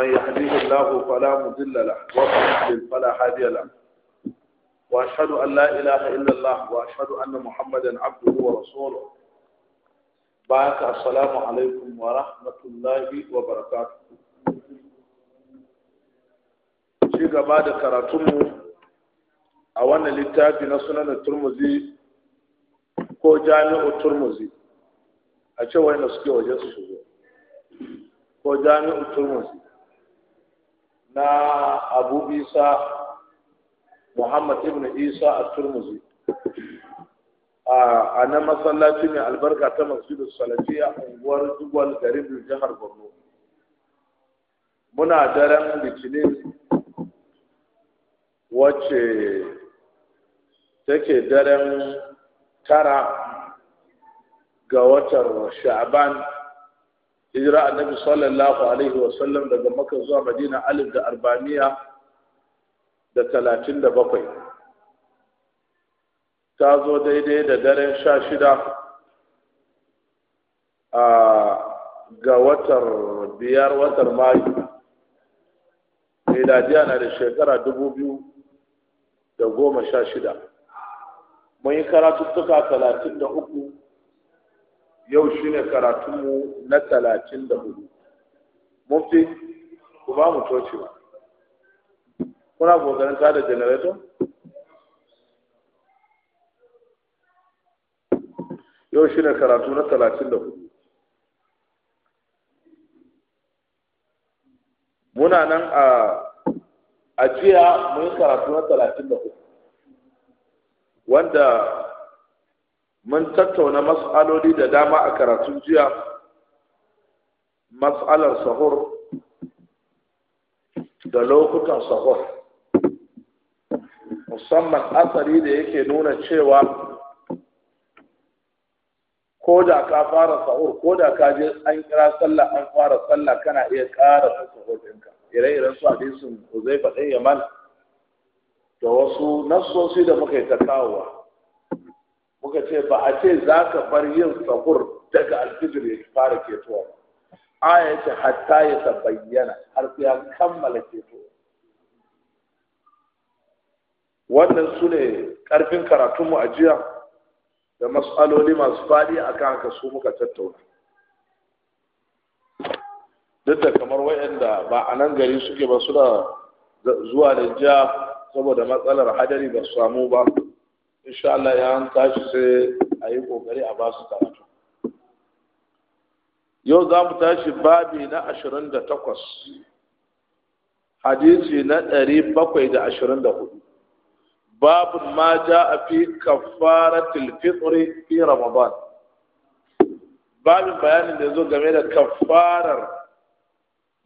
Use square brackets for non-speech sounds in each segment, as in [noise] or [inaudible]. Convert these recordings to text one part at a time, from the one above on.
من يهديه الله فلا مضل له ومن يضلل فلا هادي له واشهد ان لا اله الا الله واشهد ان محمدا عبده ورسوله باك السلام عليكم ورحمه الله وبركاته في gaba da karatunmu a wannan littafi na sunanin turmuzi ko jami'u turmuzi a cewa yana suke wajen su ko na abu isa muhammad ibn isa a turmuzi a na masallaci mai albarka ta masjidu salafi a unguwar dugwal garin jihar borno muna daren litinin wacce take daren tara ga watan sha'ban hijira annabi sallallahu alaihi wa sallam daga makka zuwa madina alif da arbaniya da talatin da bakwai ta zo daidai da daren sha shida a ga watar biyar watar mayu miladiya na da shekara dubu biyu da goma sha shida mun yi karatuttuka talatin da uku yau shi ne karatunmu na talatin da hudu mufti ku ba mu coci ba kuna kokarin da janareto yau shi ne karatu na talatin da hudu muna nan a ajiya mun karatu na talatin da hudu wanda mun tattauna mas'aloli da dama a karatun jiya mas'alar sahur da lokutan sahur musamman asali da yake nuna cewa ko da ka fara sahur ko da ka je an kira sallah an fara sallah kana iya ƙara sahur ɗinka ire-iren su hadisin uzaifa ɗin yaman da wasu nassosi da muka yi ta kawowa muka ce ba a ce za ka bar yin sahur daga alfijir ya fara ketowa aya ce hatta ya ta bayyana har sai ya kammala ketowa wannan su ne ƙarfin karatunmu a jiya da matsaloli masu faɗi a kan haka su muka tattauna duk da kamar waɗanda ba a nan gari suke ba suna zuwa da jiya saboda matsalar hadari ba su samu ba insha Allah ya an tashi sai a yi kokari a basu karatu yau za mu tashi babi na ashirin da takwas hadisi na ɗari bakwai da ashirin da hudu babin ma ja a fi kafaratul fitri fi ramadan babin bayanin da zo game da kafarar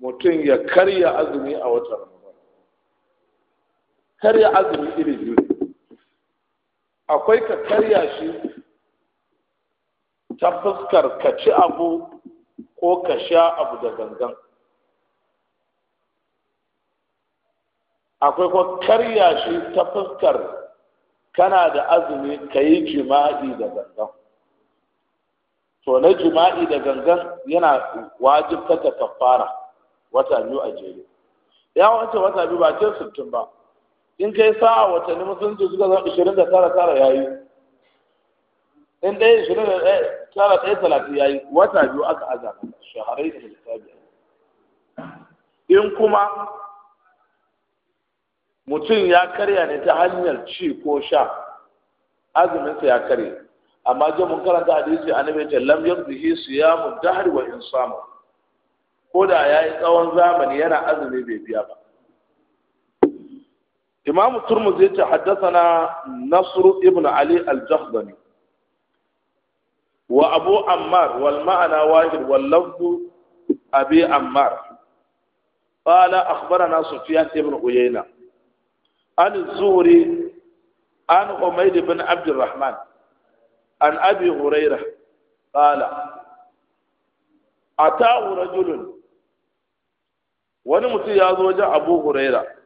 mutum ya karya azumi a watan ramadan karya azumi iri akwai ka karya shi ta fuskar ka ci abu ko ka sha abu da gangan akwai ko karya shi ta fuskar kana da azumi ka yi jima'i da gangan to na jima'i da gangan yana wajibta ta kafara wata biyu a jere ya wace wata biyu ba ce sittin ba in kai sa'a watanni musulunci suka zama ishirin da tara tara ya yi in ɗaya ishirin da tara ɗaya talatin ya yi wata biyu aka aza shaharai da lissafi in kuma mutum ya karya ne ta hanyar ci ko sha azuminsa ya karye amma je mun karanta hadisi annabi ya ce lam yaqdihi siyamu dahr wa insamu ko da yayi tsawon zamani yana azumi bai biya ba imamu turmuz ya ce haddasana nasru ibn ali al-jahdani wa abu ammar wal ma'ana wahid wal lafzu abi ammar قال أخبرنا سفيان بن عيينة An zuri an حميد بن عبد الرحمن عن أبي هريرة قال أتاه رجل wani mutum ya zo wajen abu huraira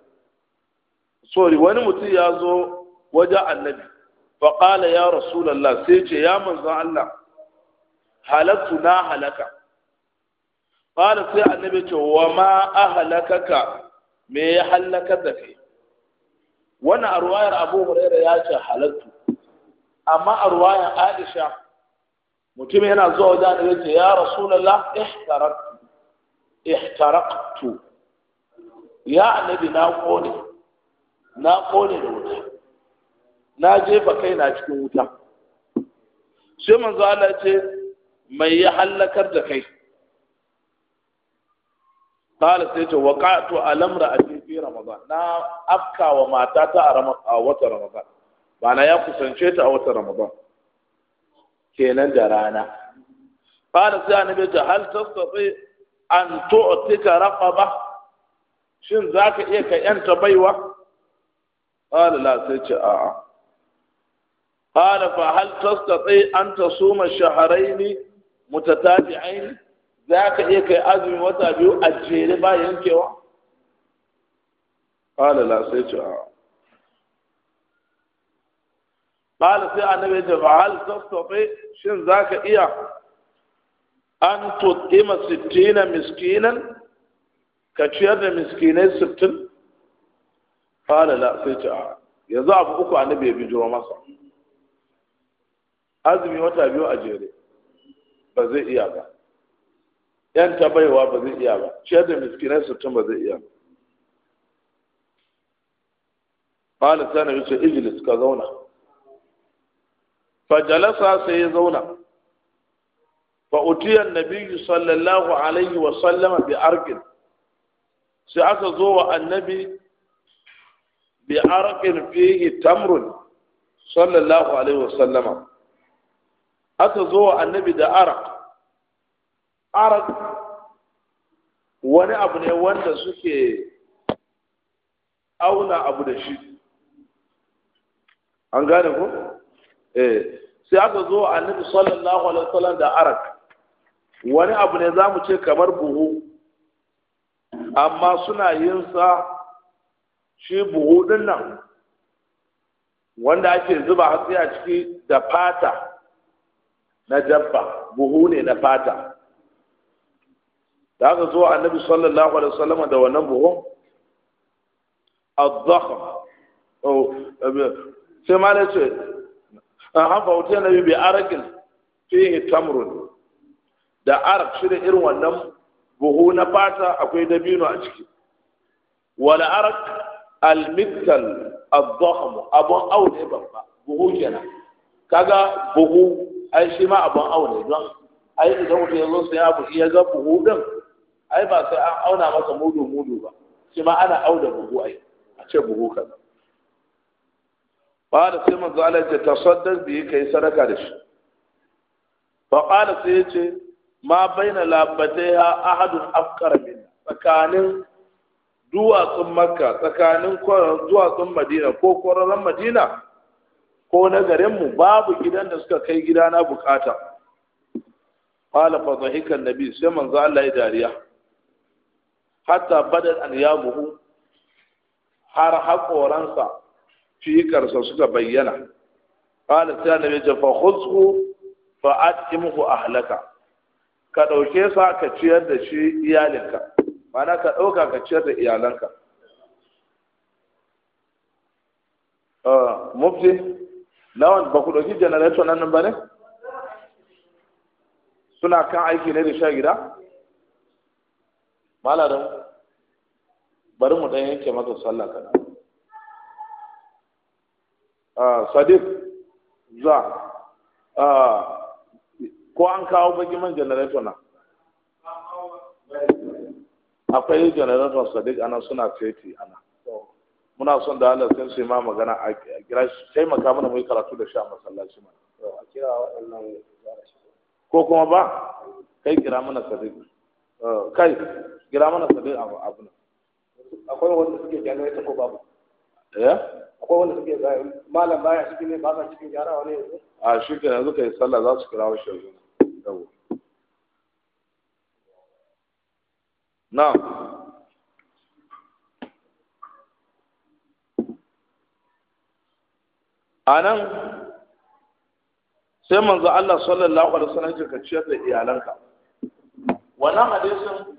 sorry wani mutum ya zo wajen annabi faƙala ya rasulallah sai ce ya manzan Allah halattu na halaka ƙala sai annabi ce wa ma a halakaka me ya halaka da kai wannan arwayar ruwayar abu huraira ya ce halattu amma arwayar aisha mutum yana zuwa wajen annabi ce ya rasulallah ihtaraktu ihtaraqtu ya annabi na kone na kone da wuta na jefa kai na cikin wuta sai manzo Allah ce mai ya hallakar da kai qala sai ce waqa'tu alamra ati fi ramadan na afka wa ta a wata ramadan bana ya kusance ta a wata ramadan kenan da rana qala sai annabi ce hal tastati an tu'tika raqaba shin zaka iya ka yanta baiwa qala la sai ce a'a qala fa hal tastati an tasuma shahrayn mutatabi'ain zaka iya kai azumi wata biyu a jere ba yankewa qala la sai ce a'a قال سي النبي فهل تستطيع شن ذاك إياه أن تطعم ستين مسكينا كتير مسكينين ستين qala la sai ce a yanzu abu uku annabi ya bijiro masa azumi wata biyu a jere ba zai iya ba yan tabaiwa ba zai iya ba ciyar da miskinai tun ba zai iya ba qala sana annabi ce ijlis ka zauna Fa jalasa sai ya zauna Sallallahu wa sallama bi الله Sai aka zo wa Annabi. bi arqin fihi tamrun sallallahu alaihi wasallama aka zo annabi da arq arq wani abu ne wanda suke auna abu da shi an gane ko eh sai aka zo annabi sallallahu alaihi wasallam da arak wani abu ne za mu ce kamar buhu amma suna yin sa shi buhu dinnan, nan wanda ake zuba hatsi a ciki da fata na dabba buhu ne na fata da aka zo annabi sallallahu alaihi wasallam da wannan buhun الضخم أو sai ma na ce an hafa wuce na bi arakin fihi tamrun da arak shi da irin wannan buhu na fata akwai dabino a ciki wala arak almikal abdahm abun aune babba buhu kenan kaga buhu ai shi ma abun aune don ai idan mutum ya zo sai abu ya ga buhu din ai ba sai an auna masa mudu mudu ba shi ma ana auna buhu ai a ce buhu ka ba da sai manzo Allah ya tasaddaq bi kai sadaka da shi fa qala sai ya ce ma baina labataiha ahadun afkar min tsakanin duwatsun makka tsakanin duwatsun madina ko kwararren madina ko na garinmu babu gidan da suka kai gida na bukata ƙwala fasahikan nabi sai manzo Allah ya dariya hatta badar an buhu har haƙoransa fikarsa suka bayyana ƙwala sai nabi ya fa khudhu fa ka ɗauke sa ka ciyar da shi iyalinka mana ka ɗauka ka ciyar da iyalanka ah, mufti lawan ba ku ɗauki janareto nan ba ne suna kan aiki ne da sha gida malarin bari mu ɗan yanke masa sallah kaɗan ah, sadiq za ah, ko an kawo baki man janareto na akwai janarar sadiq ana suna feti ana muna son da Allah sai ma magana a kira sai maka mana mai karatu da sha masallaci ma a kira ko kuma ba kai kira mana sadiq eh, kai kira mana sadiq abu abu akwai wanda suke gano ta ko babu eh akwai wanda suke gano malam baya cikin ne ba sa cikin gyarawa ne a shi kenan suka yi sallah za su kira wa shi yau na a nan sai manzo Allah sallallahu alaihi wasallam ya ciyar da iyalanka wannan hadisin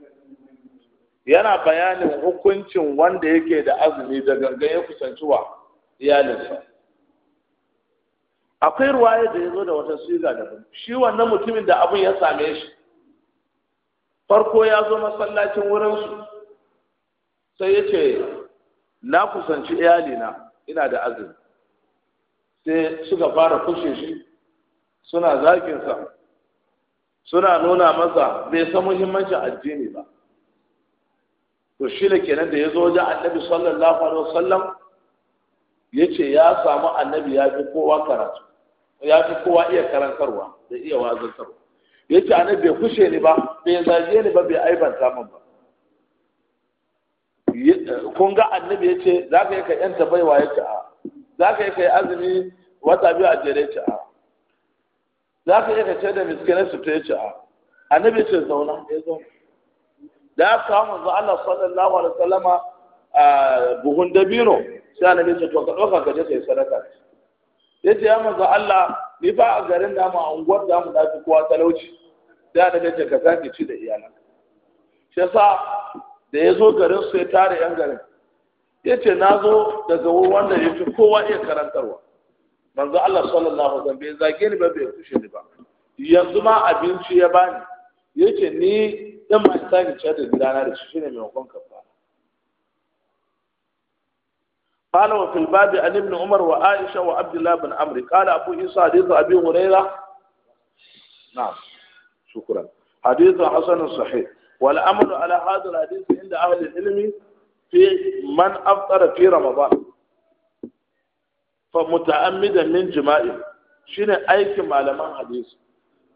yana bayanin hukuncin wanda yake da azumi da gangan ya kusanci wa iyalinsa akwai ruwaya da ya zo da wata siga da shi wannan mutumin da abin ya same shi farko ya zo masallacin wurinsu sai ya ce na kusanci iyalina ina da azumi sai suka fara kushe shi suna zakinsa suna nuna masa bai san muhimmanci addini ba to shi da kenan da ya zo wajen annabi sallallahu alaihi wasallam ya ce ya samu annabi ya fi kowa karatu ya fi kowa iya karantarwa da iya wazantarwa yace annabi bai kushe ni ba bai zaje ni ba bai aiban samun ba kun ga annabi ya ce za ka yi ka yanta baiwa ya ce a za ka yi ka yi azumi wata biyu a jere ce a za ka yi ka ce da miskinai su ta ce a annabi ce zauna ya zauna da ya kama zuwa Allah sallallahu alaihi wasallama buhun dabino sai annabi ce to ka ɗauka ka je ka yi sadaka ce ya ce ya manzo Allah ni ba a garin da mu a unguwar da mu dafi kowa talauci da da ce ka sake ci da iyalan shi yasa da yazo zo garin su ya tare yan garin ya ce na zo daga wanda ya fi kowa iya karantarwa manzo Allah sallallahu alaihi wasallam bai zage ni ba bai kushe ni ba yanzu ma abinci ya bani yace ni dan ma sake ci da gidana da shi shine mai hukunka قال وفي الباب عن ابن عمر وعائشة وعبد الله بن عمرو قال أبو عيسى حديث أبي هريرة نعم شكرا حديث حسن صحيح والأمر على هذا الحديث عند أهل العلم في من أفطر في رمضان فمتعمدا من جمائه shine aikin malaman hadisi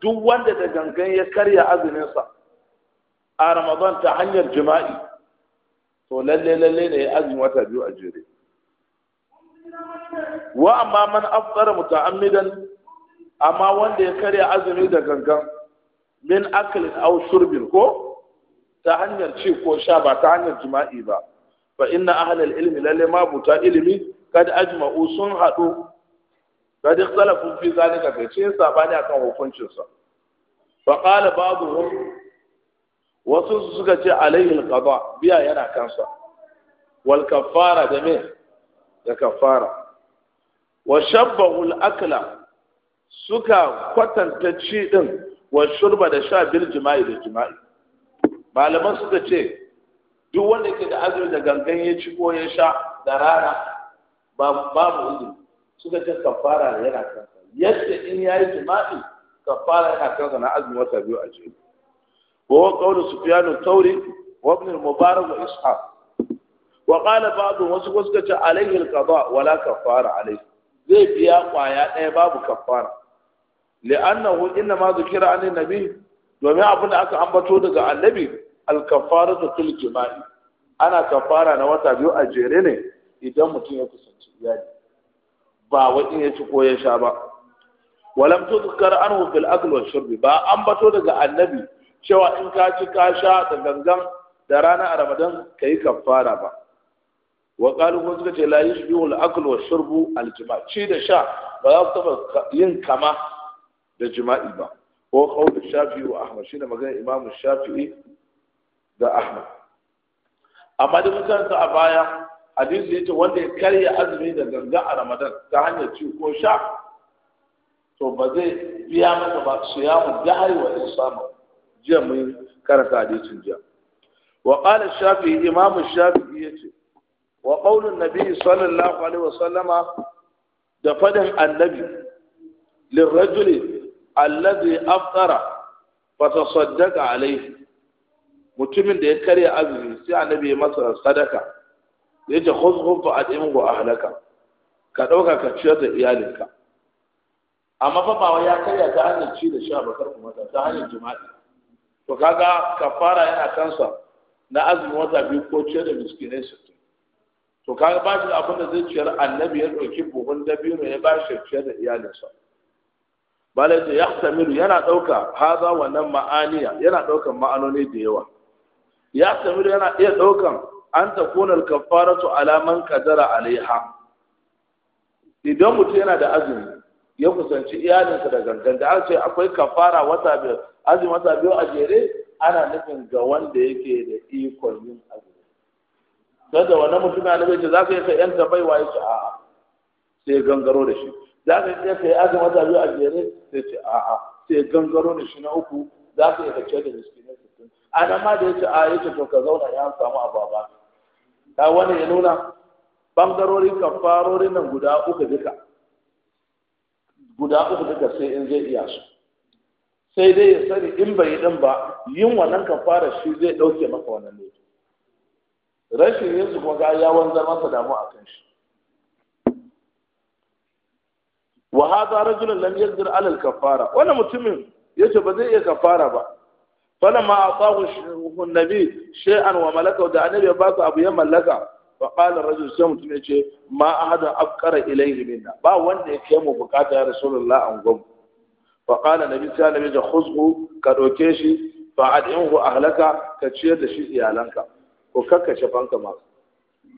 duk wanda da gangan ya karya azuminsa a ramadan ta hanyar jima'i to lalle lalle ne ya azumi wata biyu a jere wa amma man afṭara muta'ammidan amma wanda ya karya azumi da gangan min akli aw shurbin ko ta hanyar ci ko sha ba ta hanyar jima'i ba fa inna ahlal ilmi lalle ma buta ilmi kad ajma'u sun hadu kad ikhtalafu fi zalika kai ce sabani akan hukuncin sa fa qala ba'dhum wasu suka ce alaihi alqada biya yana kansa wal kaffara da me da kafara wa shabbahul akla suka kwatanta ci din wa shurba da sha bil jima'i da jima'i malaman suka ce duk wanda ke da azumi da gangan ya ci ko ya sha da rana babu izini suka ce kafara da yana kansa yadda in ya yi jima'i kafara yana kansa na azumi wata biyu a jere wa qawlu sufyan al-thawri wa ibn mubarak wa ishaq wa qala ba'du wasu wasu kace alaihi alqada wala kafara alaihi zai biya kwaya ɗaya babu kafara li'annahu inna ma zikira an nabi domin abin da aka ambato daga annabi alkafara da fil jima'i ana kafara na wata biyu a jere ne idan mutum ya kusanci iyali ba wani ya ci ko ya sha ba walam tuzkar anhu fil akl wa shurb ba ambato daga annabi cewa in ka ci ka sha da gangan da rana a ramadan kai kafara ba wa qalu ko suka ce la yashbihu al-akl wa shurbu al-jima ci da sha ba za ku taba yin kama da jima'i ba ko qawl shafi'i wa ahmad shi ne magana imamu shafi'i da ahmad amma da mutansa a baya hadisi yace wanda ya karya azumi da ganga a ramadan ta hanyar ci ko sha to ba zai biya masa ba su ya mu dahari wa isama jiya mun karanta hadisin jiya wa qala shafi'i imamu shafi'i yace wa qaulun nabi sallallahu alaihi wasallama da fadin annabi lirrajuli alladhi aftara fa tasaddaqa alaihi mutumin da ya karya azumi sai annabi ya masa sadaka ya ce khuzhum fa adimu ahlaka ka dauka ka ciyar da iyalinka amma fa ba ya karya ta hanyar ci da sha bakar kuma ta hanyar jima'i to kaga kafara yana kansa na azumin wata biyu ko ciyar da miskinai su to kaga ba shi abin da zai ciyar annabi ya dauki buhun dabino ya ba shi ciyar da iyalinsa bala ce ya tamiru yana ɗauka haza wannan ma'aniya yana ɗaukan ma'anoni da yawa ya tamiru yana iya ɗaukan an ta kunar kafaratu alaman kadara alaiha idan mutum yana da azumi ya kusanci iyalinsa da gangan da ce akwai kafara wata biyu azumi wata biyu a jere ana nufin ga wanda yake da ikon yin azumi kada wannan mutum ya nabe ce za ka yi ka yan bai waye ce a'a sai gangaro da shi za ka yi kai yi azumi wata biyu a jere sai ce a'a sai gangaro da shi na uku za ka yi ka ce da miskinai sittin a nan ma da ya ce a ya ce to ka zauna ya samu baba ta wani ya nuna bangarorin kafarorin nan guda uku duka guda uku duka sai in zai iya su sai dai ya sani in bai yi din ba yin wannan kafara shi zai ɗauke maka wannan lokaci rashin yin su kuma ga ya wanzar masa damu a kan shi wa hadha rajulun lam yazdir ala al kafara wannan mutumin yace ba zai iya kafara ba falamma ataahu nabi shay'an wa malaka da annabi ya ba su abu ya mallaka fa qala rajul sai mutum yace ma ahada afqara ilayhi minna ba wanda ya kai mu bukata ya rasulullah an gwam fa qala nabi sai annabi da khuzhu ka doke shi fa ad'inhu ahlaka ka ciyar da shi iyalanka ko kakkashe fanka ma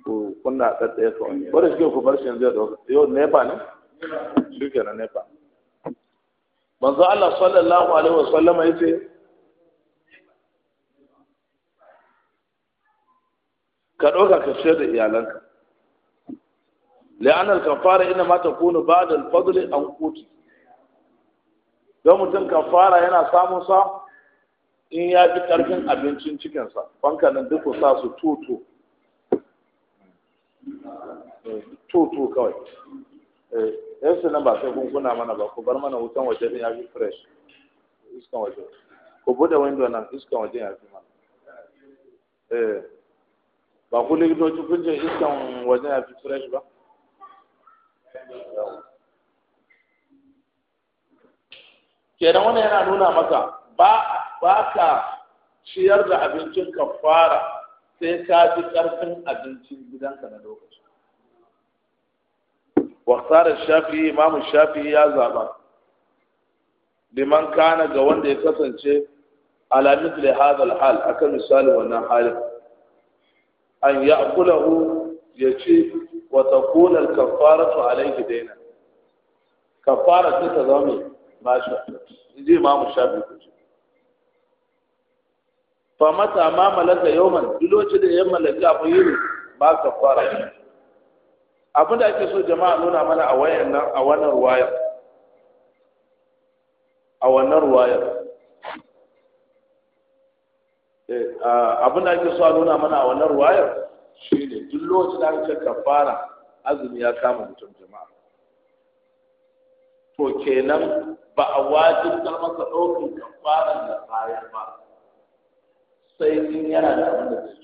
ko kunna tsatsaya kawai ko da shi ko bar shi yanzu da yau nepa ne duke na na nepa manzo Allah sallallahu alaihi wasallama yace ka ɗauka ka ciyar da iyalanka la'anar kafara ina ma takunu kunu ba fadl an quti don mutum kafara yana samun sa in ya fi ƙarfin abincin cikinsa fankanin duk ku sa su tutu tutu kawai eh, yan su nan ba sai kun mana ba ku bar mana wutan waje din ya fi fresh iskan waje ku buɗe window nan iskan waje ya fi mana eh, ba ku likitoci kun ce iskan waje ya fi fresh ba kenan wannan yana nuna maka ba ka ciyar da abincin kafara sai ka ji ƙarfin abincin gidanka na lokaci waktar shafi imamu shafi ya zaba liman kana ga wanda ya kasance ala mithli hadha al aka misali wannan halin an ya'kulahu yace wa takuna al-kaffaratu alayhi dayna kaffara ta zama mai bashi inji imamu shafi kuce fa mata ma malaka yawman duk lokacin da ya malaka abu yini ba ka fara abin da ake so jama'a nuna mana a wayan nan a wannan ruwayar a wannan ruwayar eh, abin da ake so a nuna mana a wannan ruwayar shine duk lokacin da aka kafara azumi ya kama mutum jama'a to kenan ba a wajibtar masa ɗaukin kafara da bayar ba sai in yana da abin da zai ci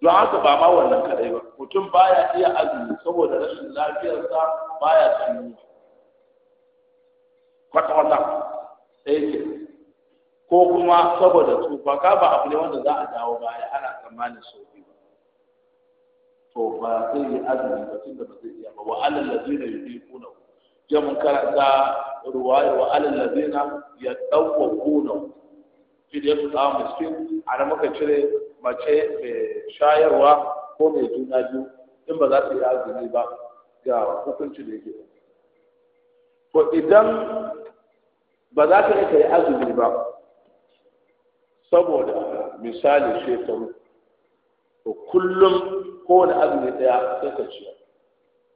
don haka ba ma wannan kadai ba mutum baya iya azumi saboda rashin lafiyarsa baya son yunwa kwata-kwata sai ce ko kuma saboda tsufa ka ba abu ne wanda za a dawo baya ana tsammanin sauki ba to ba zai yi azumi ba tun da ba zai iya ba wa alal ladina ku. Jamin karanta ruwaya wa alal ladina ku. PDF ta miskin ana muka cire mace mai shayarwa ko mai juna biyu in ba za ta yi azumi ba ga hukunci da yake to idan ba za ta yi azumi ba saboda misali shekaru to kullum kowane azumi ɗaya sai ka ciya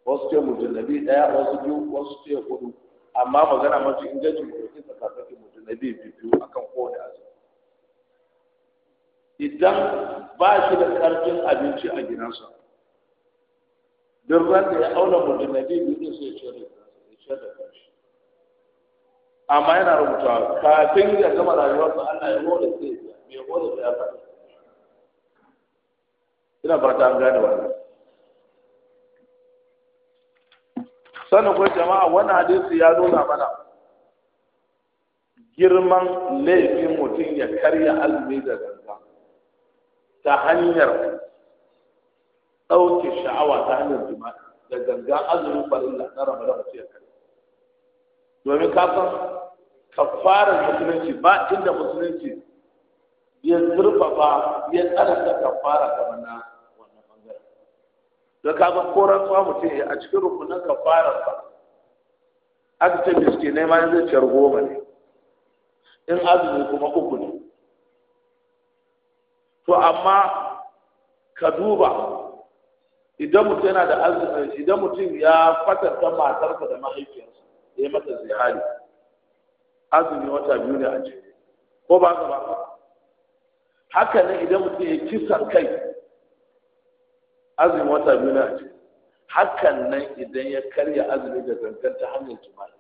wasu ce mujallabi ɗaya, wasu biyu wasu ce hudu amma magana mafi inganci mutum tsakanin mujallabi biyu akan kowane azumi idan ba shi da karfin abinci a gidansa durban da ya auna mutum na biyu ne sai ya ce da ya amma yana rubuta kafin ya gama rayuwarsa Allah ya hore sai ya me hore da ya ina fata an gane wannan sannan kuma jama'a wani hadisi ya nuna mana girman laifin mutum ya karya almi da ta hanyar ɗauke sha'awa ta hanyar jima'i da ganga azumin da na ramadan sai ka domin ka fara musulunci ba inda musulunci ya zurfafa ya tsananta kafara kamar na wannan bangare. da kafin ko koran tsawa mutum a cikin rukunin kafarar ba aka ce miskinai ma zai ciyar goma ne in azumi kuma uku ne to amma ka duba idan mutum yana da azumin idan mutum ya kwatanta matarsa da mahaifiyarsa ya ya mata zihari azumi wata biyu ne a jere ko ba ka ba haka ne idan mutum ya kisan kai azumi wata biyu ne a jere hakan nan idan ya karya azumi da zantar ta hanyar jima'i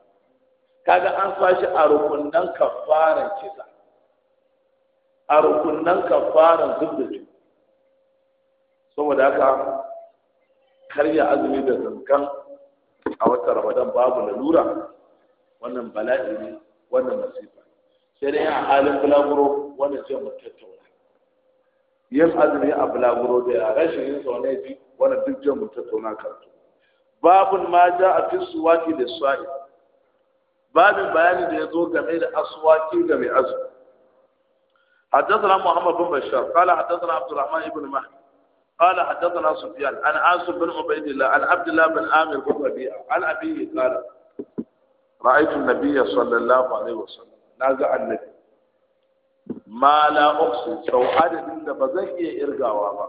kaga an fashi a rukunan kafaran kisa a rukunan kafaran zub da ju saboda haka karya azumi da zankan a watan ramadan babu lalura wannan bala'i ne wannan masifa sai dai a halin bulaguro wannan ce mu tattauna yin azumi a bulaguro da ya rashin yin zaune bi wannan duk jan mu tattauna karatu babun ma ja a fi suwaki da sa'i babin bayani da ya zo game da asuwaki ga mai azumi حدثنا محمد بن بشار قال حدثنا عبد الرحمن بن مهدي قال حدثنا سفيان عن عاصم بن عبيد الله عن عبد الله بن عامر بن ربيعه عن ابيه قال رايت النبي صلى الله عليه وسلم نازع النبي ما لا اقصي سو عدد da ba zan iya irgawa ba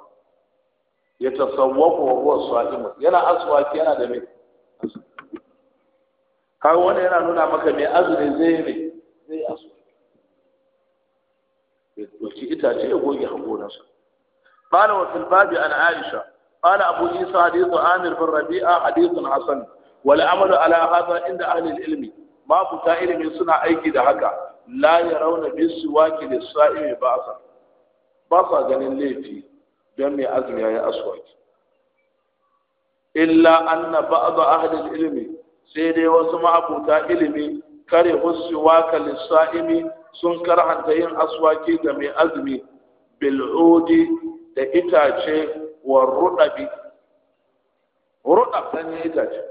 ya tasawwafu wa huwa sa'im yana aswaki yana da mai kaga wannan yana nuna maka mai azumi zai mai zai aswaki ci itace ya goge hangonarsa. Bala wa filbabi an Aisha, bala Abu Amir bin Rabi'a hadithun Hassan, wal amalu ala hadha inda ahli ilmi, ma futa ilimi suna aiki da haka, la ya rauna min siwaki da sa'imi ba Ba sa ganin laifi don mai azumi ya aswaki. Illa anna ba'adu ahli ilmi, sai dai wasu ma'abuta ilimi kare hussu waka lissa'imi sun karhanta yin aswaki da mai azumi bil'udi da itace wa rudabi rudab ne itace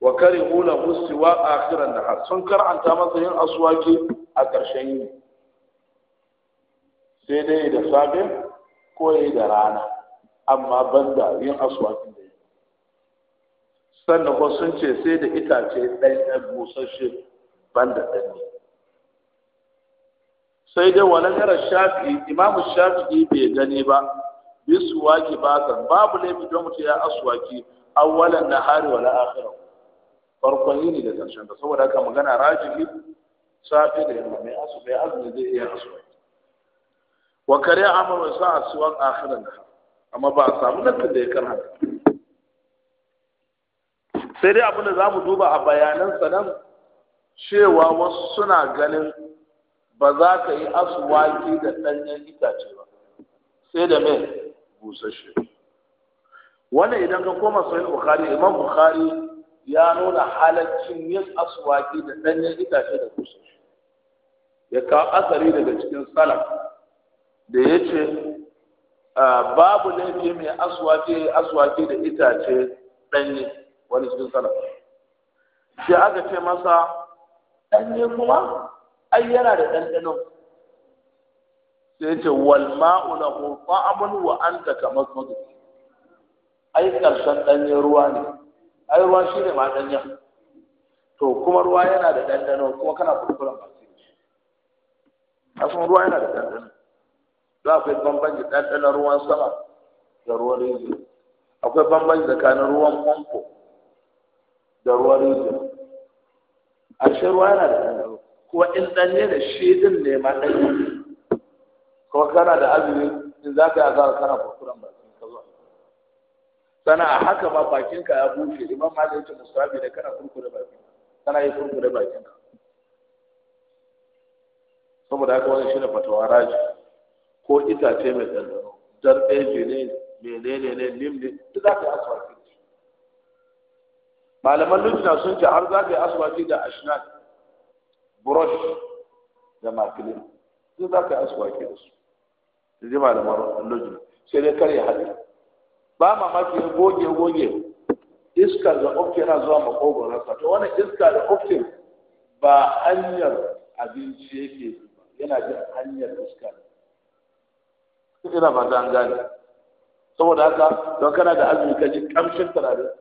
wa hula lahu a akhiran nahar sun karhanta masa yin aswaki a ƙarshen yi. sai dai da safe ko yi da rana amma banda yin aswaki da sannan ko sun ce sai da itace ɗan busasshe banda ɗan ne sai dai wani yara shafi imam shafi bai gani ba bisu waki ba babu laifi don mutu ya aswaki awwalan nahari wala akhirah farkon yini da karshen ta saboda haka magana rajihi safi da yamma mai asu bai azumi zai iya aswaki wa kare amal sa aswan akhiran amma ba a samu nan da ya kan haka sai dai abin da zamu duba a bayanan sanan cewa wasu suna ganin ba za ka yi aswaki da ɗanyen itace ba sai da mai busashe. wannan idan ka koma sahih bukhari imam bukhari ya nuna halaccin yin aswaki da ɗanyen itace da busashe, ya kawo asari daga cikin salaf da ya ce babu laifi mai aswaki aswaki da itace ɗanye wani cikin salaf sai aka ce masa ɗanye kuma ai yana da ɗanɗano. sai ce wal ma'u lahu ta'amun wa kamar kamasmadu ai ƙarshen ɗanyen ruwa ne ai ruwa ne ma ɗanya to kuma ruwa yana da ɗanɗano kuma kana kurkuren a sun ruwa yana da ɗanɗano za a kai bambanci ɗanɗanon ruwan sama da ruwan rijiya akwai bambanci tsakanin ruwan pompo da ruwan rijiya ashe ruwa yana da ɗanɗano ko in ɗanye ne shi din ne ma ɗanye ko kana da azumi in za ka yi azara kana ba bakin ka zuwa sana a haka ba bakin ka ya bushe imam ma zai ce musabi da kana kurkure bakin kana yi kurkure ba ka saboda haka wani shine fatawa raji ko itace mai ɗanɗano darbeje ne menene ne nim ne duk za ka yi aswaki malaman lujina sun ce har za ka yi aswaki da ashnat brush da makilin su za ka yi asuwa ke da su da ji malamar lojin sai dai kar ya haɗe ba mamaki ya goge goge iska da ofke na zuwa makogonarsa to wani iska da ofke ba hanyar abinci yake yana jin hanyar iska ina ba an gane saboda haka don kana da azumi ka ji kamshin turare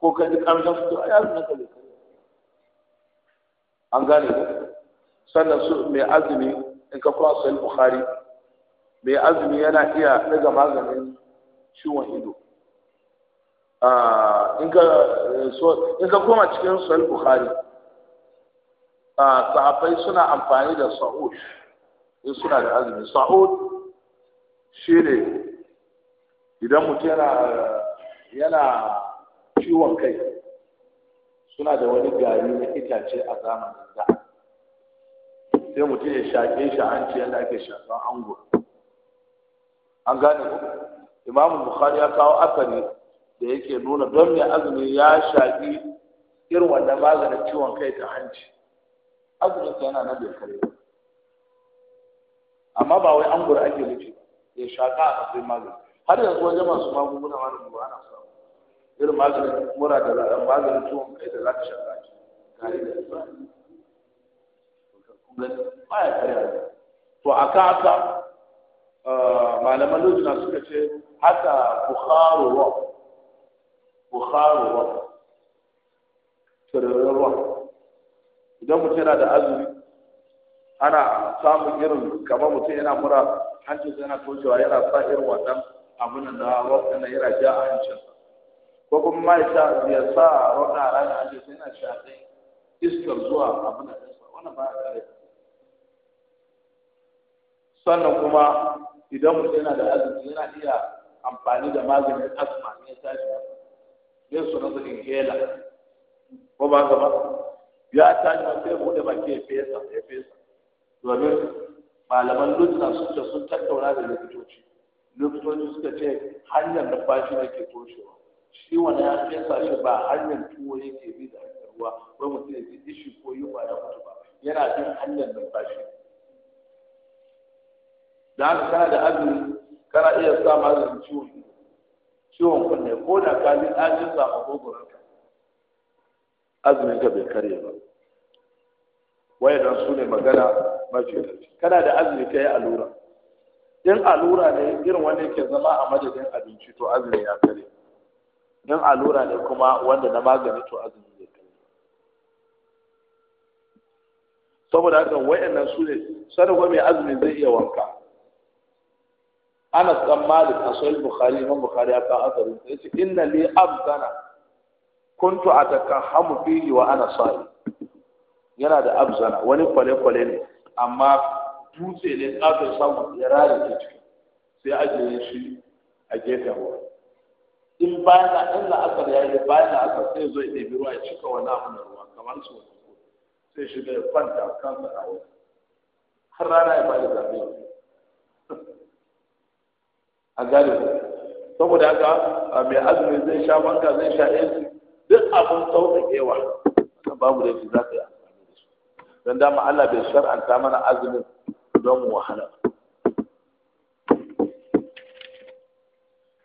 ko ka ji kamshin su to ai azumin ka zai an gane ku sannan su mai azumi in ka kuma sahih bukhari mai azumi yana iya daga maganin ciwon ido ah, in ka koma cikin sahih bukhari ah, sahabbai suna amfani da sa'ud in suna da azumi sa'ud ne idan mutum yana ciwon kai suna da wani gari na itace a zamanin da sai mutum ya shaƙe shi an ce yadda ake shaƙan ango an gane ku imamu bukhari ya kawo asali da yake nuna don mai azumi ya shaƙi irin wanda maganin ciwon kai ta hanci azumin sa yana na bai kare amma ba wai angura ake nufi ya shaƙa a kasar magani har yanzu wajen masu magunguna wani buwa na sa irin maganin mura da maganin tuwon kai da za ka shafa ki kare da ba ba ya kare to a ka haka eh, malaman lojina suka ce haka bukharu wa bukharu wa idan mutum yana da azumi ana samun irin kamar mutum yana mura hancin yana toshewa yana sa irin wannan abunan da, wasu yana rajiya a hancinsa ko kuma ya sa roda a ranar ake sai na dai iskar zuwa abin da ɗansa wannan ba a kare sannan kuma idan mutum yana da azumi yana iya amfani da maganin asma ne tashi shi ne su kela ko ba gaba ya ta na sai bude baki ya fesa ya fesa domin malaman lutsa sun ce sun tattauna da likitoci likitoci suka ce hanyar da fashi ne ke toshewa shi wani ya ya sa shi ba hanyar tuwo yake bi da hanyar ruwa wai mutum ya ji dishi ko yi ba da mutu ba yana bin hanyar numfashi da haka kana da azumi kana iya sa maganin ciwon ciwon kunne ko da ka ji ajin samu gogoron ka azumin ka bai karye ba wayannan su ne magana mafi ƙarfi kana da azumi ka yi allura in allura ne irin wanda yake zama a madadin abinci to azumi ya karye in allura ne kuma wanda na magani to azumi zai kai saboda haka wayannan su ne kuma mai azumi zai iya wanka Anas san Malik a Sahih Bukhari Imam Bukhari ya kawo azarin sai ce inna li abzana kuntu atakahamu fihi wa ana sa'i yana da abzana wani kwale kwale ne amma dutse ne kafin samun ya rara ciki sai ajiye shi a gefen wani in bayan na ɗan la'asar ya yi bayan la'asar sai zo ya ɗebi ruwa ya cika wani abu na ruwa kamar su wani ko sai shi da kwanta kan a wani har rana ya bada zabe a gane saboda haka mai azumi zai sha banka zai sha AC duk abin sauƙaƙewa babu da shi za ka yi amfani da su. don dama Allah bai shar'anta mana azumin don mu wahala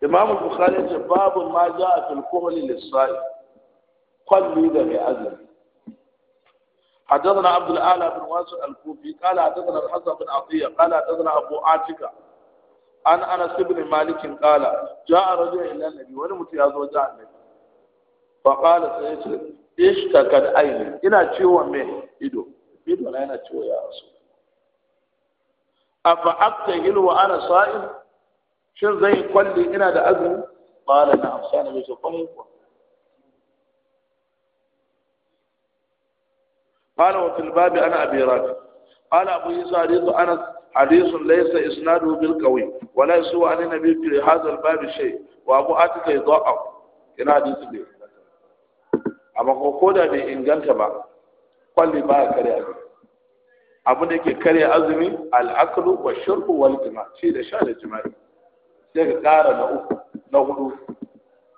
امام البخاري چې باب ما جاء في kuhli للصائم قال لي ده mai azumi حدثنا عبد الاعلى بن واسع الكوفي قال حدثنا الحسن بن عطيه قال حدثنا ابو عاتكه عن انس بن مالك قال جاء رجل الى النبي ولم يتياز وجاء النبي فقال سيدي اشتكت عيني ina ciwon me ido ido na yana ciwo ya rasu afa aktahilu wa ana sa'im shin zai kwalli ina da azumi bala na amsana bai so kwallo ko bala wa fil ana abin rafi bala abu yusa hadithu anas hadithu laysa isnadu bil qawi wa la su an nabi fi hadha al babi shay wa abu atika idha ina hadithu bai amma ko da bai inganta ba kwalli ba kare azumi abu da ke kare azumi al wa shurbu wal jima'i da sha da jima'i sai ka kara na uku na hudu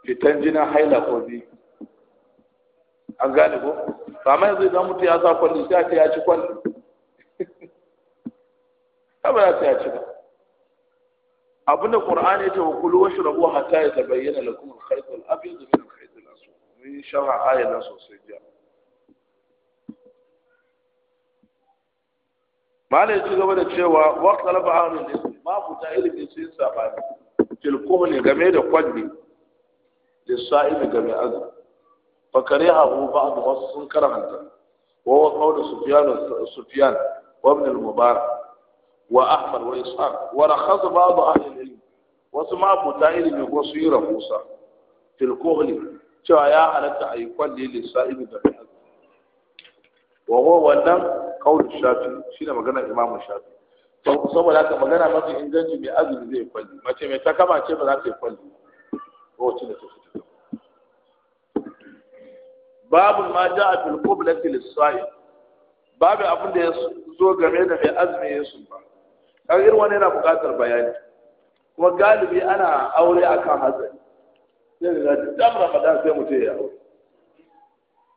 fitan jinin haila ko biyu an gane ko ba mai zai zama mutu ya sa kwalli sai ake ya ci kwalli kaba ya ce ya ci ba abin da qur'ani ya ce wa kullu washrabu hatta yatabayyana lakum al-khayt al-abyad min al-khayt al-aswad mun sharha na sosai jiya malai ci gaba da cewa waqtalaba ahlul ilm ma futa ilmi sai sabani filkumuli game da kwalli sa'ibi game azumi fakare hagu ba da wasu sun karanta wa wa kawo da sufiyan sufiyan wa ibn al-mubarak wa ahmar wa ishaq wa rakhas ba'd ahli al-ilm wasu ma ta ilimi ko su yi rahusa filkumuli cewa ya halatta a yi kwalli sa'ibi game azu wa wannan kawo shafi shi magana imamu shafi saboda haka magana mafi inganci mai azumi zai kwalli mace mai takama ce ba za ta yi kwalli ko wacce da ta fita babu ma ja a filko bulati lissa'i babu abin da ya zo game da mai azumi ya sun ba kan irin wani yana buƙatar bayani kuma galibi ana aure akan hatsari sai da dam ramadan sai mutum ya aure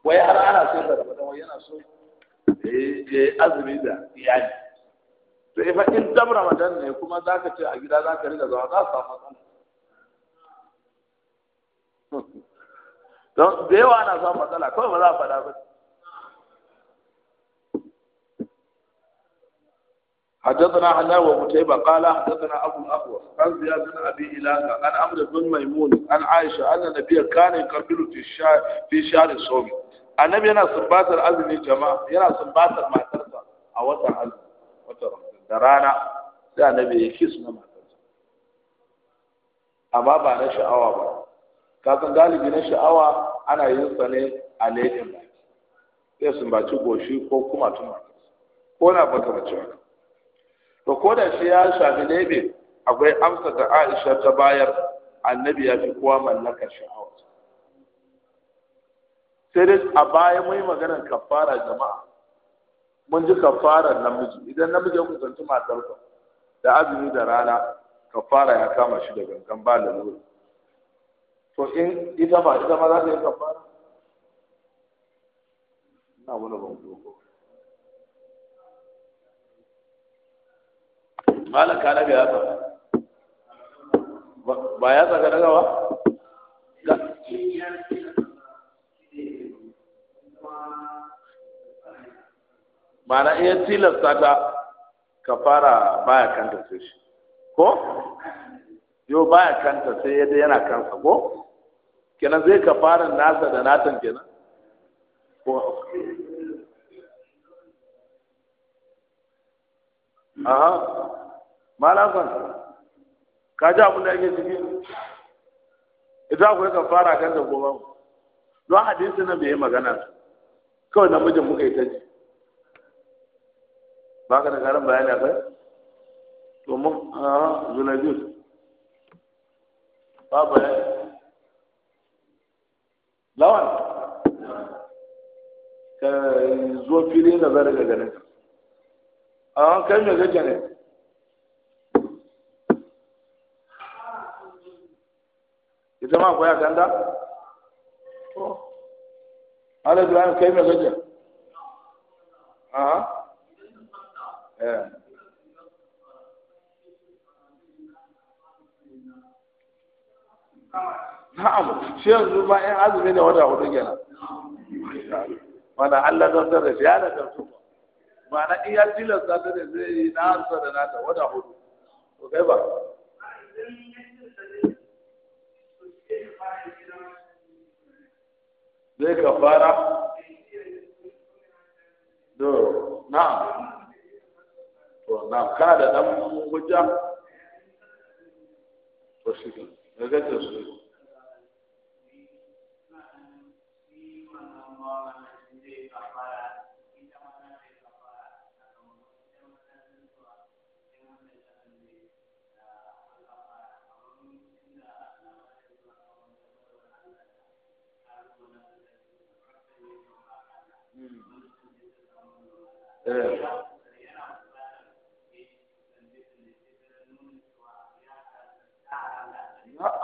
wai har ana sai da ramadan wai yana so ya yi azumi da iyali sai fa in dab ramadan ne kuma za ka ce a gida za ka riga zuwa za su samu don da yawa ana samun matsala kawai ba za a faɗa ba حدثنا حنا ومتيبة قال حدثنا أبو الأقوى عن زياد بن أبي إلاقة عن عمرو بن ميمون عن عائشة أن النبي كان يقبل في الشهر في شهر الصوم النبي أنا سبات الأذن يا جماعة أنا سبات ما ترسل أو وتر أذن da rana sai annabi ya kis na matarsa amma ba na sha'awa ba kafin galibi na sha'awa ana yin sa ne a laifin ba sai sumbaci goshi ko kuma tuma ko na baka bace ba to ko da shi ya shafi laifin akwai amsa da Aisha ta bayar annabi ya fi kowa mallaka sha'awa sai dai a baya mai maganar kafara jama'a mun ji kafarar namiji idan namiji ya kusanci matarsa da azumi da rana kafara ya kama shi da gangan ba lura to in ita ba ita ma za ta yi kafara na wani ban ko malam ka nabi ya tsaka ba ya tsaka daga ba ma'ana iya tilasta ka ka fara baya kanta sai shi ko yau baya kanta sai yadda yana kansa ko kenan zai ka fara nasa da natan kenan ko aha malafan ka ji abin da yake ciki Idan akwai ka fara kanta ko ba don hadisi na bai yi magana kawai namijin muka yi ta ji ba ka da karin bayani akai to mun a zulajus ba bayani lawan ka zo fili da zara ga ganin a kai me kake ne ita ma koya kanda to ala ibrahim kai me kake aha Eh. na'am shi yanzu ba in azumi ne wata hudu kenan wanda Allah zan da shi ya da tartu ba na iya tilasta ta da zai yi na hansa da nata wata hudu to kai ba zai ka fara do na'am to kana da dan hujja to shi ne ta su Yeah.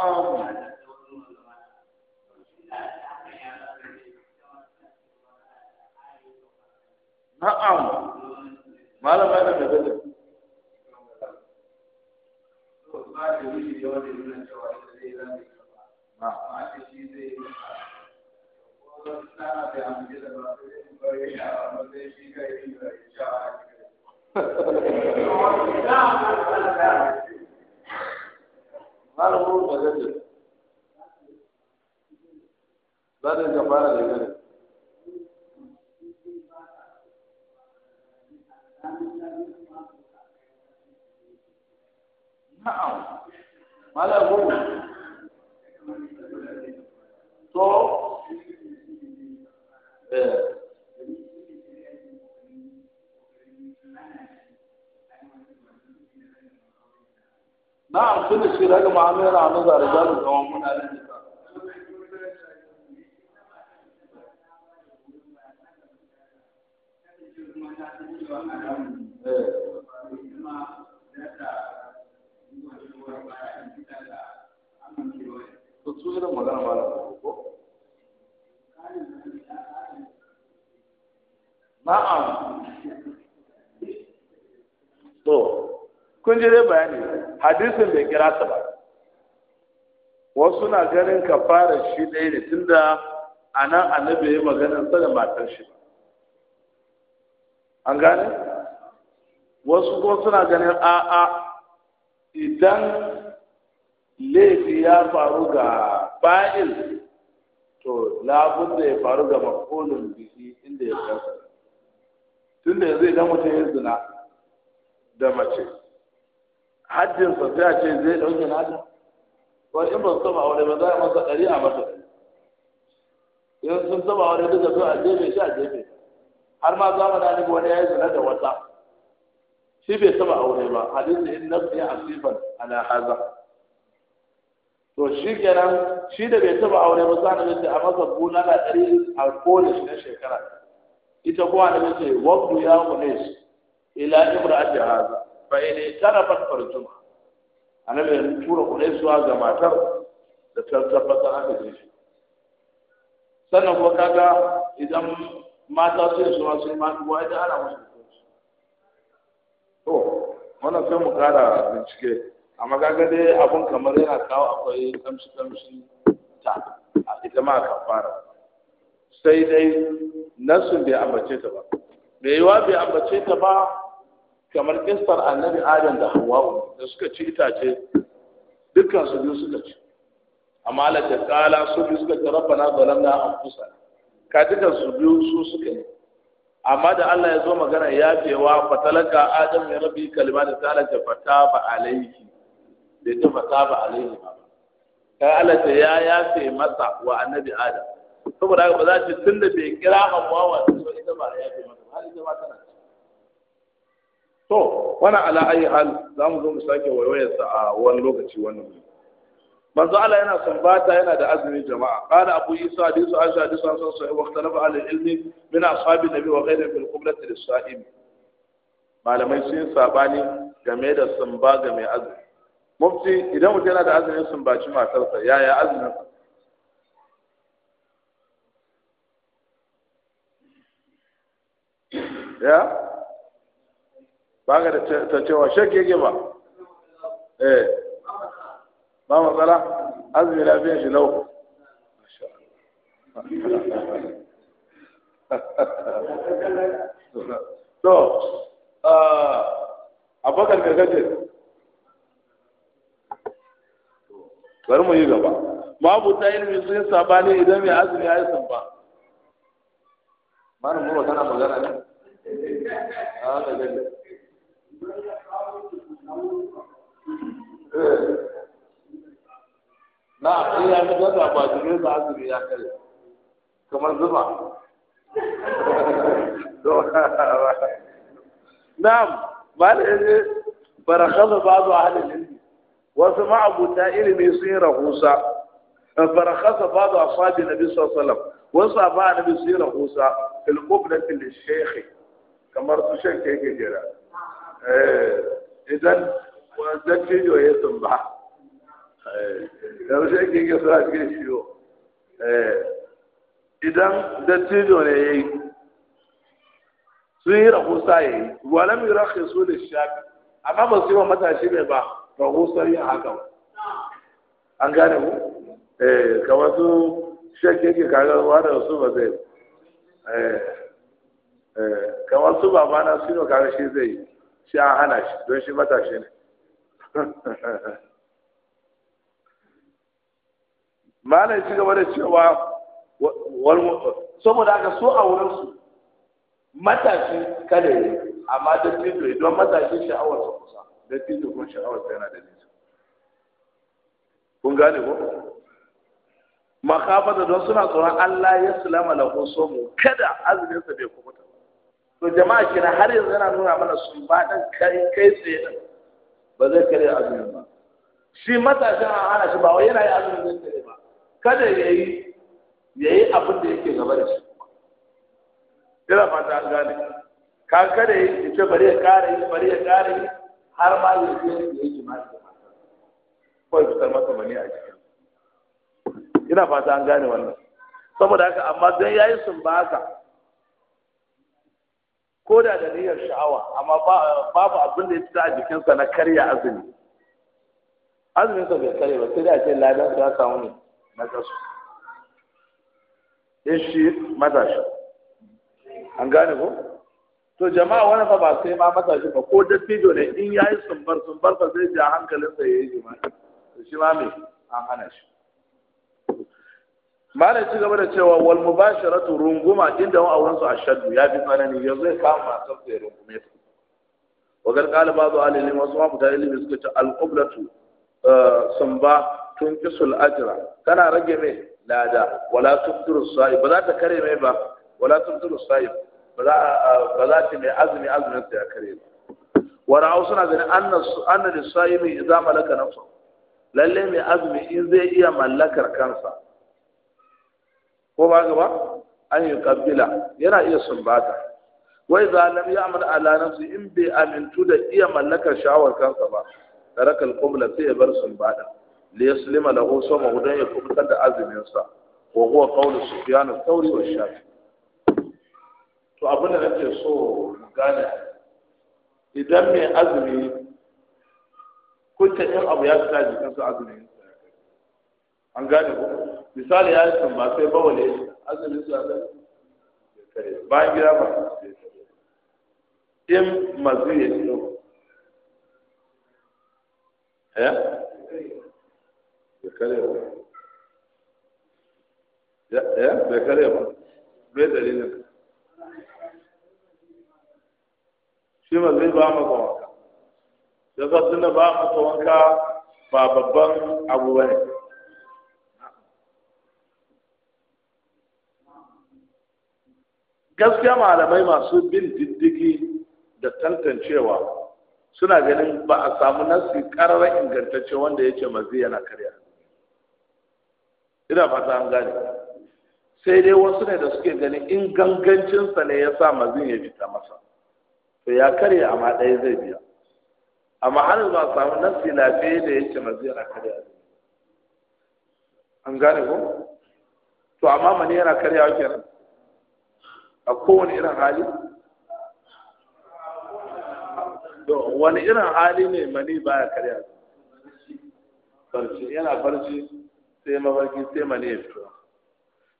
samu na'am malama da da [laughs] malam ruwan da gaje za ta ga fara da gaje na'am malam to eh Na sun da shi daga ma'amira a maza da zalu da wani muna nan da kun ji dai bayani hadisin bai kira ta ba wasu na ganin kafara shi ɗaya ne tunda ana annabi ya magana maganar sa da matar shi an gane wasu ko suna ganin a'a idan laifi ya faru ga fa'il to labun da ya faru ga makonin biki inda ya kasa tunda yanzu idan mutum ya zina da mace hajjin sa sai a ce zai dauke nata ko in ban saba aure ba za a masa ɗari a mata in sun saba aure duka zuwa a jefe shi a jefe har ma za zamanin annabi wani ya yi zina da wata shi bai saba aure ba hadisi in nafsi asifan ala haza to shi kenan shi da bai saba aure ba sai nabi a masa bulala dari a kowane shi na shekara ita kuwa nabi ce wabdu ya munis ila imra'ati haza فإلي idai tarafat farjuma annabi ya tura kuɗai zuwa ga matar da ta tabbatar aka je shi sannan ko kaga idan mata sun zuwa wannan sai mu kara bincike a kaga dai kamar yana kawo akwai kamshi kamshi ta ita ma fara? sai dai nasu bai ambace ta ba bai yiwa bai ambace ta ba kamar kistar annabi adam da hawa'u da suka ci itace dukkan su biyu suka ci amma la ta kala su biyu suka ci rabbana zalamna anfusana ka dukkan su biyu su suka yi amma da Allah ya zo magana ya cewa fatalaka adam ya rabbi kalima da ta ta fata ba da ta fata ba alaihi Allah ta ya yafe masa wa annabi adam saboda ba za ta tunda bai kira amma wa ita ba ya ce masa har ita ma tana to wani ala ayi hal za mu zo mu sake sa a wani lokaci wannan manzo Allah yana sambata yana da azumin jama'a qala abu isa hadisu aisha hadisu an san wa ikhtalafa ahli ilmi min ashabi nabi wa ghayrihim fil qiblati lis-sa'im malamai sun sabani game da samba ga mai azumi mufti idan mutum yana da azumin sumbaci matarsa yaya azumin ya ba ga da ta cewa shakke yake ba eh ba matsala azumi lafiyan shi lau [laughs] to bakar gargaje bari mu yi gaba ta ilimi sun sabani idan mai azumi ya yi sumba malam mura tana magana ne Ah, da gani نا هي دغه په دې باندې باندې بیا کړې کوم زما نعم بل برخذ بعض اهل الهند وسمع ابو تائل بيصير غوسا فرخص بعض اصحاب النبي صلى الله عليه وسلم وصى بعض النبي يصير غوسا في القبلة للشيخ كما رسول الشيخ كيف يجرى إذن wanzan cijo ya sun ba eh, yaushe ake yi su ake shiyo eh, idan dattijo ne ya yi sun yi rahusa ya yi walam yi rahu su da shafi amma ba su yi wa matashi ne ba rahusar yin haka an gane mu. Eh, kamar su shakki yake kagarwa da su ba zai kamar su babana su yi wa kaga shi zai shi an hana shi don shi matashi ne [laughs] malai ci gaba da cewa saboda haka so a wurinsu matashi kada yi amma da tito don matashi sha'awar sa kusa da tito kuma sha'awar sa yana da nisa kun gane ko makafata don suna tsoron Allah ya sulama lahu mu kada azumin sa bai kubuta to jama'a kina har yanzu yana nuna mana sun ba dan kai kai tsaye ba zai kare azumin ba shi matashin a hana shi ba wai yana yi azumin zai kare ba kada ya yi ya yi abin da yake gaba da shi ina ba an gane ka kada ya ce bari ya kare yi bari ya kare yi har ma ya ce ya yi jima'i da mata kawai fitar masa mani a cikin ina ba an gane wannan saboda haka amma don ya yi sun ba haka ko da da niyyar sha'awa amma babu abin da ya fita a jikinsa na karya azumi azumin sa bai karya ba sai da ce ladan sa samu ne na kasu in eh, shi matashi an gane ko to jama'a wani fa ba sai ma matashi ba ko dattijo ne in ya yi sumbar sumbar fa zai ja hankalinsa ya yi jima'i shi ma mai an hana shi mana ci gaba da cewa wal mubasharatu runguma inda wa auran su ashaddu ya fi tsanani yanzu ya kama kan sai rungume su wa gar qala ba'du ahli wasu ma futa ilimi suka ce al eh, Sumba, tun kisul ajra kana rage mai lada wala tubtiru sa'i ba za ta kare mai ba wala tubtiru sa'i ba za eh, ba za ta mai azumi azumin sa ya kare ba wa ra'u suna ganin anna anna lis-sa'imi laka malaka lalle mai azumi in zai iya mallakar kansa ko ba gaba an yi kabila yana iya sumbata wai za lam amur ala nafsi in bai amintu da iya mallakar shawar kansa ba tarakal kubla sai ya bar sumbata li yaslima lahu sama hudan ya kubutar da azumin sa wa huwa qawlu sufyan al-thawri wa shafi to abin da nake so gane idan mai azumi kunta yin abu ya fita jikinsa azumin an gane ko misali ya yi ba sai bawa ne azumin su azumi bayan gida ba in mazu ya ci yau eh? ya kare ba ya eh? bai kare ba bai dalilin shi ma zai ba maka wanka da sassu na ba maka wanka ba babban abu ba ne gaskiya malamai masu bin diddigi da tantancewa suna ganin ba a samu nasi ƙararra ingantacce wanda ya ce mazi yana karya ina fata an gane sai dai wasu ne da suke ganin in gangancinsa ne ya sa mazin ya fita masa to ya karya amma ɗaya zai biya amma har ba a samu nasi lafiya da ya ce mazi yana karya an gane ko to amma mani yana karyawa kenan a kowane irin hali wani irin hali ne mani baya karya barci yana barci sai mafarki sai mani ya fito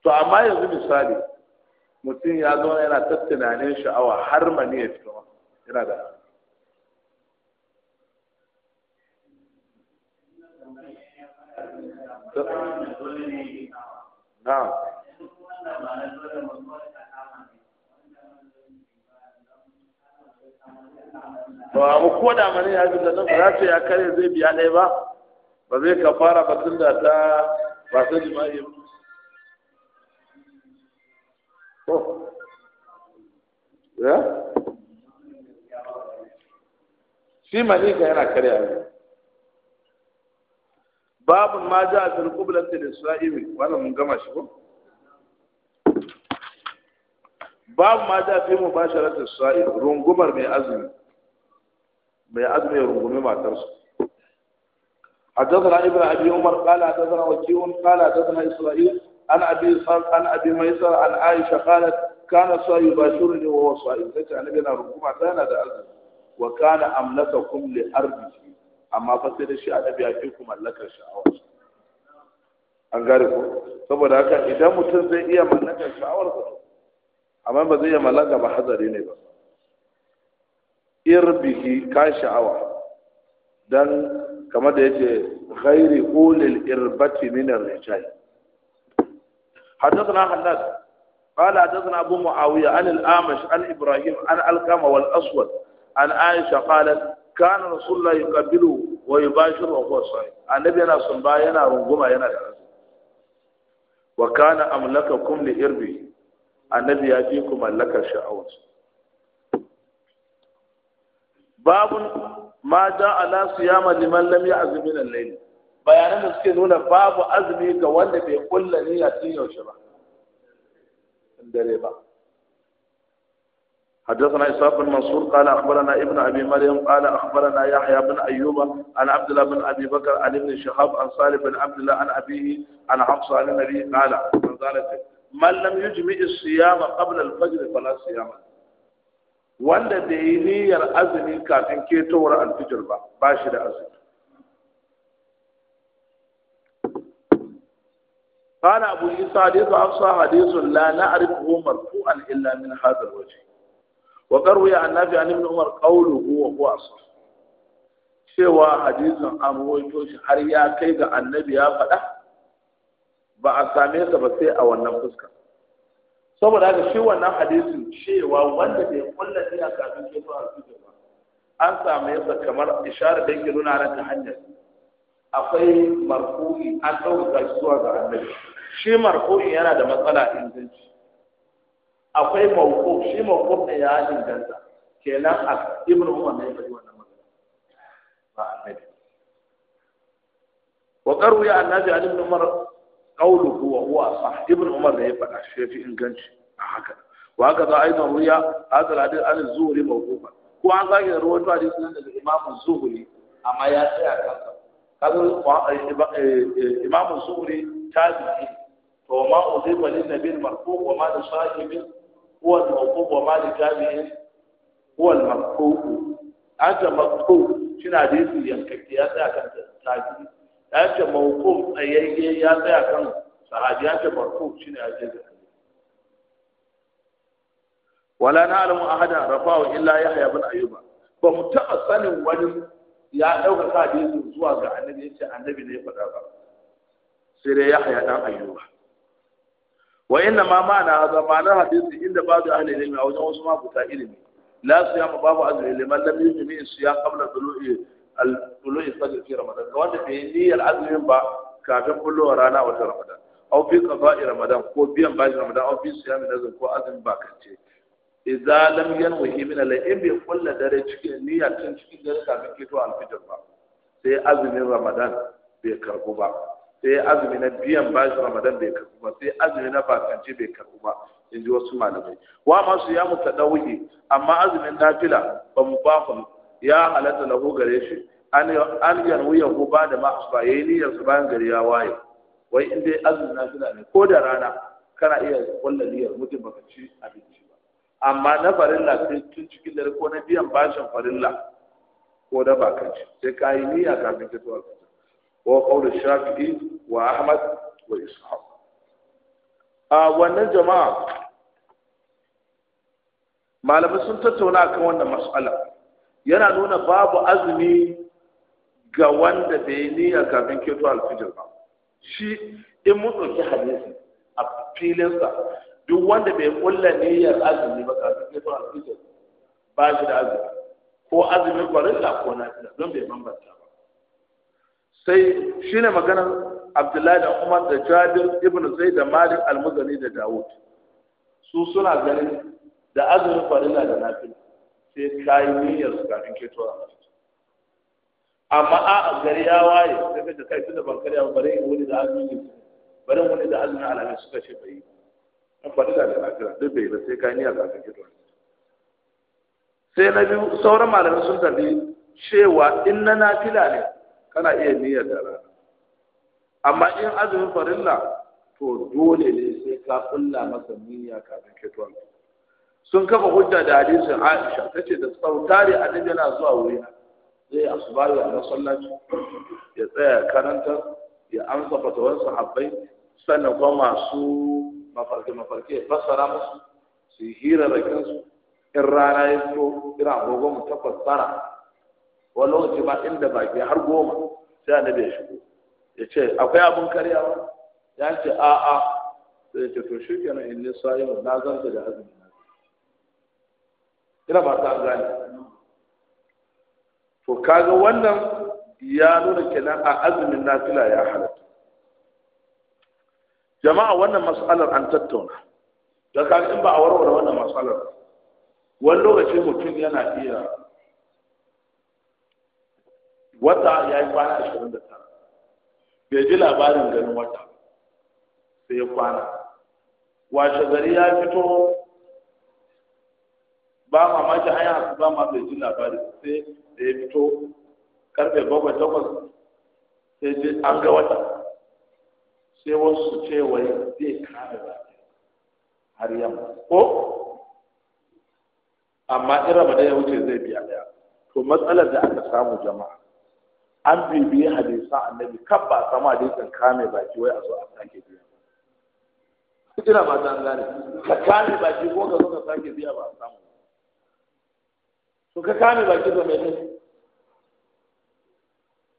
to amma yanzu misali mutum ya zo yana ta tunanin sha'awa har mani ya fito yana da na to amma ko da mani ya zuba nan ba ta ya kare zai biya ɗaya ba ba zai ka fara ba tun da ta ba ta jima'i ba to ya shi mani ka yana kare azumi babu ma ja a turkublanta da sa'imi wannan mun gama shi ko babu ma ja fi mu basharatar isra'ili rungumar mai azumi mai azumi ya rungumi matarsu حدثنا ابن ابي عمر قال حدثنا وكيع قال حدثنا اسرائيل عن ابي اسحاق عن ابي ميسر عن عائشه قالت كان سيباشرني وهو صائم ليس النبي انا ركوما كان ده وكان املككم لارضه amma fa sai da shi annabi ya fi ku mallakar sha'awar an gare ku saboda haka idan mutum zai iya mallakar sha'awar ku amma ba zai iya mallaka ba hazari ne ba irbihi ka sha'awa dan kamar da yace ghairi ulil irbati min ar-rijal حدثنا حناد قال حدثنا ابو معاويه عن الاعمش عن ابراهيم عن القمه والاسود عن عائشه قالت كان رسول الله يقبله ويباشر وهو صائم النبي انا صنبا yana runguma yana da azumi wa kana amlakakum li irbi ya fi mallakar sha'awarsa باب ما جاء على صيام لمن لم يعزم من الليل بيان مسكين da باب nuna babu azumi ga wanda bai kulla niyya tun حدثنا إسحاق بن منصور قال أخبرنا ابن أبي مريم قال أخبرنا يحيى بن أيوب عن عبد الله بن أبي بكر عن ابن شهاب عن صالح بن عبد الله عن أبيه عن حفصة عن النبي قال من لم يجمع الصيام قبل الفجر فلا صيام له wanda da yi niyyar azumi kafin ketowar alfijir ba ba shi da azumi قال أبو عيسى حديث أفصى حديث لا نعرفه مرفوعا إلا من هذا الوجه وقروي عن نافع عن ابن عمر قوله وهو أصح cewa hadisin an rawaito har ya kai ga annabi ya faɗa ba a same sa ba sai a wannan fuskar saboda haka shi wannan hadisin cewa wanda bai kulla ne a kafin ke zuwa da ba an samu yasa kamar ishara da yake nuna nan ta hanyar akwai marfu'i an dauka shi zuwa ga annabi shi marfu'i yana da matsala inganci akwai mauko shi mauko ne ya inganta kenan a ibnu umar ne ya yi wannan magana ba annabi wa qaru ya annabi ibn umar قوله وهو صح ابن عمر ده يبقى في انجنش هكذا وهكذا ايضا روي هذا الحديث عن الزهري موقوفا ko an zage da ruwan tuwa hadisin daga imamu zuhuri amma ya tsaya kansa kaga imamu zuhuri tabi'i to ma uzifa lin nabiyil marfu wa ma li sahibin huwa al mawquf wa ma li da ya tsaya kansa ya ce a yayye ya tsaya kan sahabi ya ce shi ne ake ce wala na na'lamu ahadan rafa'u illa yahya ibn ayyuba ba mu taɓa sanin wani ya ɗauka hadisin zuwa ga annabi ya ce annabi ne ya faɗa ba sai dai yahya dan ayyuba wa inna ma ma'ana hadha ma'ana hadisi inda babu ahli ilmi a wajen wasu buta ilimi la siyama babu azumi liman lam yujmi siya qabla dulu'i al-tulu'i في رمضان ramadan ga wanda bai niyyar azumin ba kafin kullowar rana a watan ramadan aw fi ramadan ko biyan bashin ramadan aw fi siyami ko اذا لم ينوي من lam yanwi min al dare cikin niyyar tun cikin dare kafin kito al ba sai azumin ramadan bai karbu ba sai azumi na biyan Bashi ramadan bai karbu ba sai azumi na bakance bai karbu ba in ji wasu malamai wa masu ya mu amma azumin nafila ba mu ba ya halatta lahu gare shi an yarwu ya ba da ma asbaye ni niyyar ba bayan gari ya waye wai in dai azumin nafila ne ko da rana kana iya kullu liyar mutum baka ci abinci ba amma na farilla sai tun cikin dare ko na biyan bashin farilla ko da ba kan ci sai ka yi niyya kafin ka zuwa kan ko qawlu shafi'i wa ahmad wa ishaq a wannan jama'a malamai sun tattauna akan wannan mas'ala yana nuna babu azumi ga wanda bai niyya kafin keto alfijir ba shi in mun ɗauki hadisi a filinsa duk wanda bai kulla niyyar azumi ba kafin keto alfijir ba shi da azumi ko azumin kwarilla ko na don bai bambanta ba sai shi ne maganar abdullahi da umar da jabir ibn zaid da malik al-muzani da dawud su suna ganin da azumin farilla da nafila sai ka yi niyyar su kafin ke tura amma a gari ya waye sai ka da kai tunda ban karya ba bare wani da azumi bare wani da azumi alamin suka ce bai an faɗi da lafiya duk bai ba sai ka yi niyyar kafin ke tura sai na biyu sauran malamai sun tafi cewa in na nafila ne kana iya niyyar da rana amma in azumin farilla to dole ne sai ka kulla masa niyya kafin ke tura sun kafa hujja da hadisin Aisha tace da sautari annabi yana zuwa wurina zai asubahi a masallaci ya tsaya karanta ya amsa fatawan sahabbai sannan kuma masu mafarki mafarki ya fassara musu su yi da kansu in rana ya fito ira gogo mu ta fassara wani lokaci ma inda baki har goma sai annabi ya shigo ya ce akwai abin karyawa ya ce a'a sai ya ce to shi kenan in ne sa'imu na zanta da azumi ina ba ta gane to kaga wannan ya nuna kenan a azumin nafila ya halatta jama'a wannan mas'alar an tattauna da kaga in ba a warware wannan mas'alar wani lokaci mutum yana iya wata ya yi kwana ashirin da tara bai ji labarin ganin wata sai ya kwana washe gari ya fito ba ji an yi ba ma bai ji labari sai da ya fito karfe bakwai takwas sai je an ga wata sai wasu ce wai zai kame ba har yamma ko amma ba da ya wuce zai biya daya to matsalar da aka samu jama'a an bibiye hadisan annabi kan ba samu hadisin kame baki wai a zo a sake biya ina ba ta gane ka kame baki ko ka zo ka sake biya ba a samu to ka kame baki ba mai nufi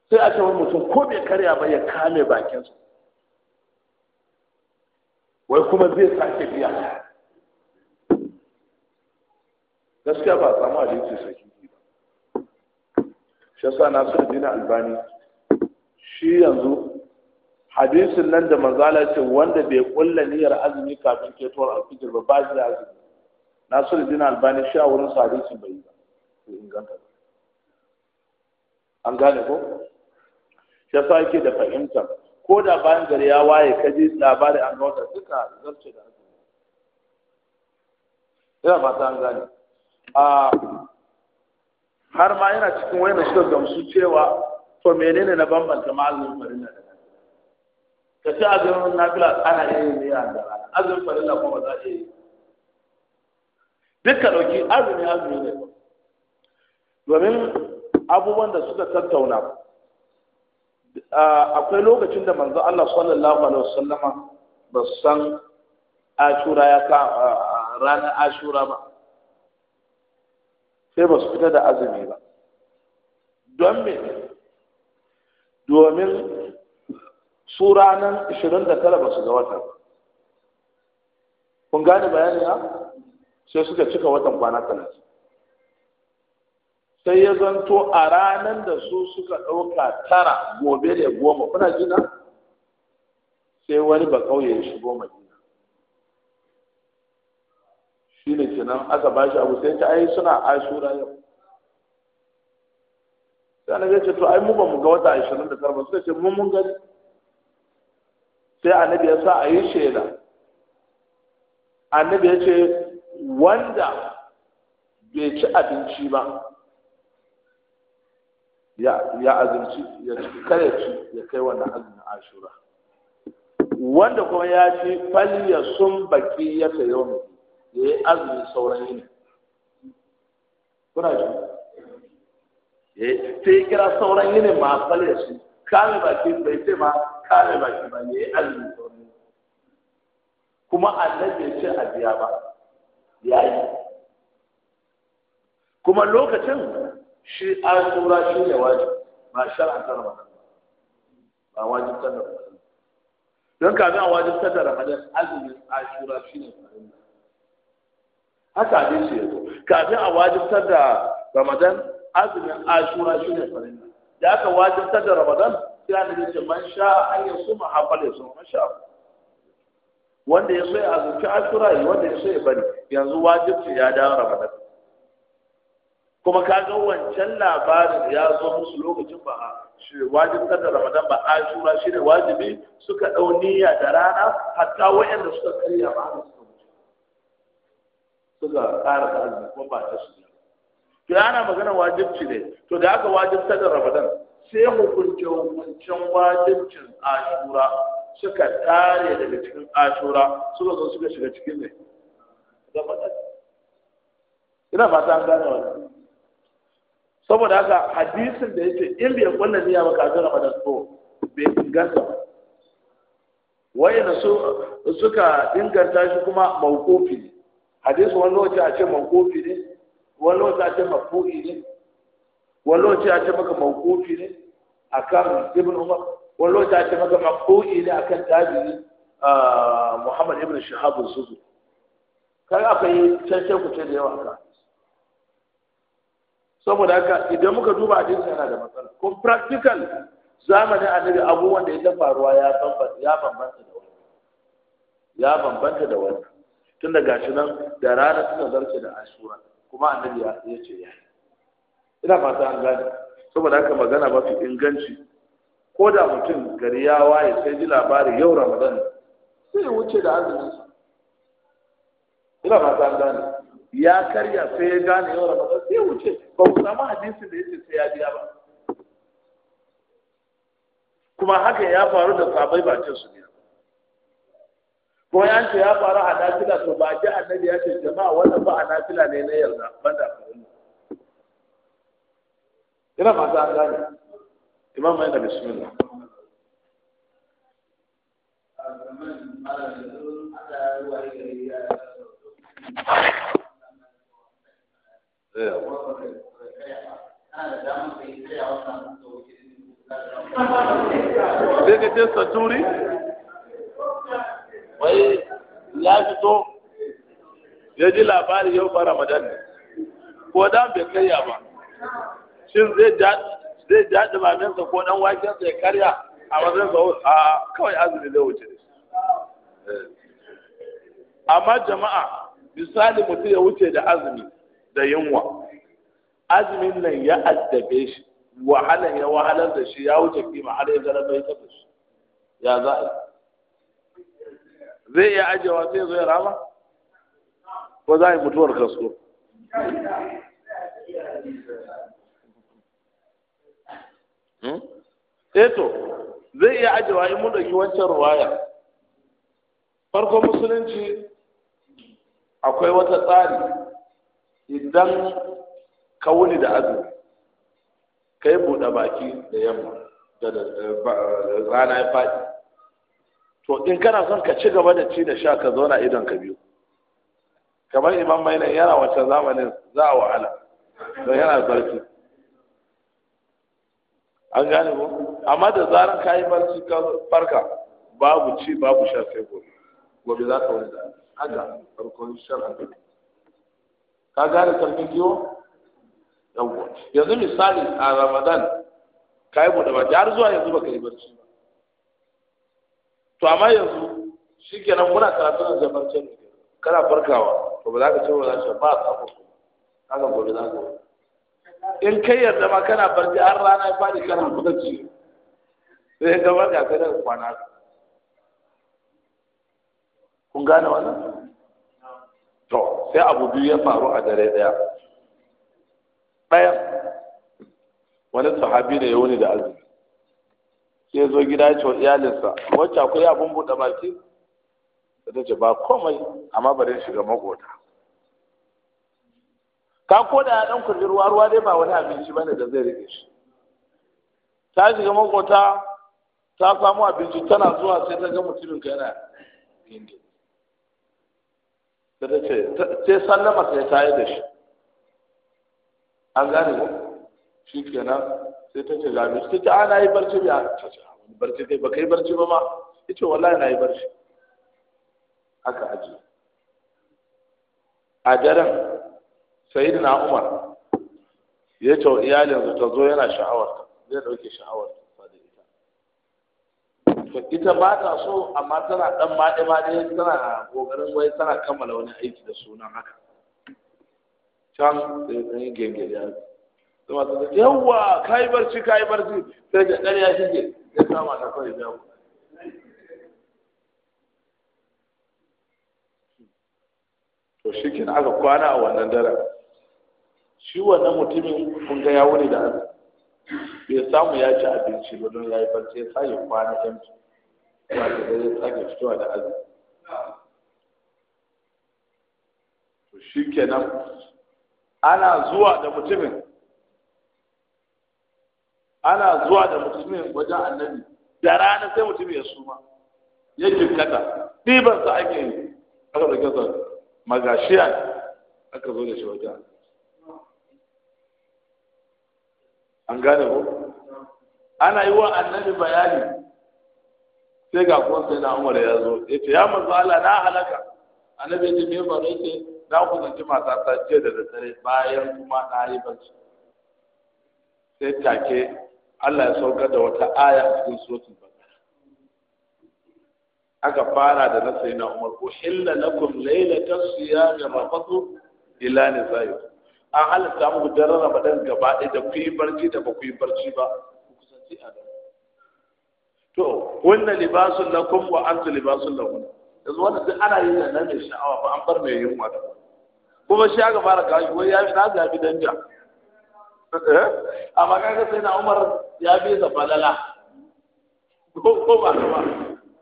sai a cewa mutum ko bai karya ba ya kame bakinsa wai kuma zai sake biya gaskiya ba samu hadisi sai shi yasa su dina albani shi yanzu hadisin nan da manzala ce wanda bai kulla niyyar azumi kafin ketowar alfijir ba ba shi da azumi nasu dina albani shi a wurin hadisin bai yi ba bai inganta ba an gane ko shi yasa yake da fahimta ko da bayan gari ya waye ka ji labarin an ga wata duka zarce da azumi ina ba ta an gane a har ma yana cikin wani shi gamsu cewa to menene na bambanta ma'azumin farilla da ka ci azumin nafila ana iya yi ne a azumin farilla kuma ba za a yi duk ka ɗauki azumi azumi ne ba domin abubuwan da suka tattauna akwai lokacin da manzo Allah sallallahu alaihi wasallama ba san ashura ya ka ranar ashura ba sai ba su fita da azumi ba don me domin su ranar 29 ba su ga wata kun gane bayani ha sai suka cika watan kwana talatin sai ya zanto a ranar da su suka ɗauka tara gobe da goma kuna jina sai wani ba kauye ya shigo jina. shi ne kenan aka ba shi abu sai ta ai suna ashura yau sai na gace to ai mu ba mu ga wata ashirin da karba suka ce mun mun gani sai annabi ya sa a yi shaida annabi ya ce wanda bai ci abinci ba ya azumci ya ciki kare ci ya kai wannan azumin ashura wanda kuma ya ci falya sun baki ya ta yau ne ya yi azumin sauran yini kuna ji eh, ya yi kira sauran yini ma falya su kame baki bai ce ma kame baki ba ya yi azumin sauran yini kuma annabi ya ce a biya ba ya yi kuma lokacin shi tura shi ne wajib ba shar'an ta ramadan ba wajib ta ramadan don ka ga wajib ta ramadan azumin tura shi ne haka dai shi yazo ga a wajibtar da ramadan azumin ashura shi ne farilla da aka wajibtar da ramadan sai an ce man sha an ya suma hafal ya suma man sha wanda ya so ya azumci a yi wanda ya so ya bari yanzu wajibci ya dawo ramadan kuma ka ga wancan labarin ya zo musu lokacin ba shi wajen da ramadan ba ashura shi ne wajibi suka ɗau niyya da rana hatta wayanda suka karya ba suka ƙara da hannu kuma ba ta su to ana magana wajibci ne to da aka wajen da ramadan sai hukunce hukuncen wajibcin ashura suka tare daga cikin ashura suka zo suka shiga cikin ne ina fata an gane wannan saboda haka hadisin da yake in bai kulla niyya ba kafin ramadan so bai inganta ba Wai na su suka inganta shi kuma mawqufi ne hadisi wani lokaci a ce mawqufi ne wani lokaci a ce mafu'i ne wani lokaci a ce maka mawqufi ne akan ibn umar wani lokaci a ce maka mafu'i ne akan tabi'i muhammad ibn shahab az-zuhri kaga akwai cancan kuce da yawa ka saboda haka idan muka duba hadisi yana da matsala ko practical zamanin annabi abubuwan da ya faruwa ya bambanta ya bambanta da wani ya bambanta da wani tun da gashi nan da rana suka zarce da ashura kuma annabi ya ce ya ina fata an gane saboda haka magana mafi inganci ko da mutum gari ya waye sai ji labari yau ramadan sai wuce da azumin ina fata an gane ya karya sai ya gane yau ramadan sai wuce ba ku samu hadisin da yace sai ya biya ba kuma haka ya faru da sabai ba ce su biya ko ya ce ya faru a nafila to ba ji annabi ya ce jama'a wannan ba a nafila ne na yarda banda faru ina Ba fata an gane imam mai da bismillah Yeah. sai ka ce saturi ya fito ya ji labari yau fara ramadan ne ko bai karya ba shin zai jaɗi maminsa ko dan wakensa ya karya a matsayin sa a kawai azumi zai wuce eh. amma jama'a misali mutu ya wuce da azumi da yunwa azumin nan ya addabe shi wahalar ya wahalar da shi ya wuce kima har ya zara bai taɓa shi ya za a zai iya ajewa sai zai rama ko za a yi mutuwar kasko hmm? eto eh zai iya ajewa in mun ɗauki wancan ruwaya farko musulunci akwai wata tsari idan ka wuni da azumi ka yi buɗe baki da yamma da rana ya faɗi to in kana son ka ci gaba da ci da sha ka zauna idon ka biyu kamar imam nan yana wata zamanin za a wahala don yana barci an gane ko amma da zaran ka yi barci ka farka babu ci babu sha sai gobe gobe za ka wani da haka farkon shar'a ka gane sarkin kiwo yawwa yanzu misali a ramadan ka yi buɗe baki har zuwa yanzu baka yi barci ba to amma yanzu shi kenan muna karatu da zabarce ne kana farkawa to ba za ka ce ba za ka ba a ku ga gobe za ka in kai yarda ma kana barci har rana ya faɗi kana barci sai gabar da kai daga kwana kun gane wannan to sai abu biyu ya faru a dare daya ɗaya wani sahabi ne ya wuni da azumi sai zo gida ya ce wa iyalinsa wacce akwai abin buɗe baki da ta ce ba komai amma bari shiga maƙota. ka ko da ya ɗan kulli ruwa ruwa dai ba wani abinci bane da zai rike shi ta shiga maƙota, ta samu abinci tana zuwa sai ta ga mutumin ka yana gindi ta ce sai sallama sai ta yi da shi an gane ba shi kenan sai ta ce gami ta ce ana ah, yi barci ya ta ce ah, wani barci kai ba kai barci ba ma ya ce wallahi na yi barci haka aji a daren sayid na umar ya ce wa iyalin ta zo yana sha'awar zai ɗauke sha'awar da ita to ita ba ta so amma tana ɗan maɗe-maɗe tana ƙoƙarin wai tana kammala wani aiki da sunan haka can sai genge yanzu. zama ta ce yawwa kai barci kai barci sai da ɗan ya shige ya kama ta kawai da to shi kin aka kwana a wannan daren shi wannan mutumin kun ga ya wuri da azumi bai samu ya ci abinci ba don ya yi barci ya sake kwana yanki ba ta da ya sake fitowa da azumi to shi kenan ana zuwa da mutumin ana zuwa da mutumin wajen annabi da rana sai mutum ya suma ya jinkata ɗiban sa ake yi aka da gasa magashiya aka zo da shi wajen an gane ko ana yi wa annabi bayani sai ga kuma sai na umar ya zo ya ce ya manzo Allah na halaka annabi ya ce me faru yake ta kusanci matata jiya da daddare bayan kuma na yi bacci sai take Allah ya saukar da wata aya a cikin suratul baqara aka fara da nasa yana Umar ko illa ta laylatas ga rafathu ila nisaikum an halatta muku daren Ramadan gaba ɗaya da ku yi barci da ba ku yi barci ba ku kusanci a to wannan libasun lakum wa ta libasun lahum yanzu wanda duk ana yin nan da sha'awa ba an bar mai yunwa da kuma shi aka fara kashi wai ya fi na zafi danja eh? amma kaga sai na umar ya fi sa falala ko ba ba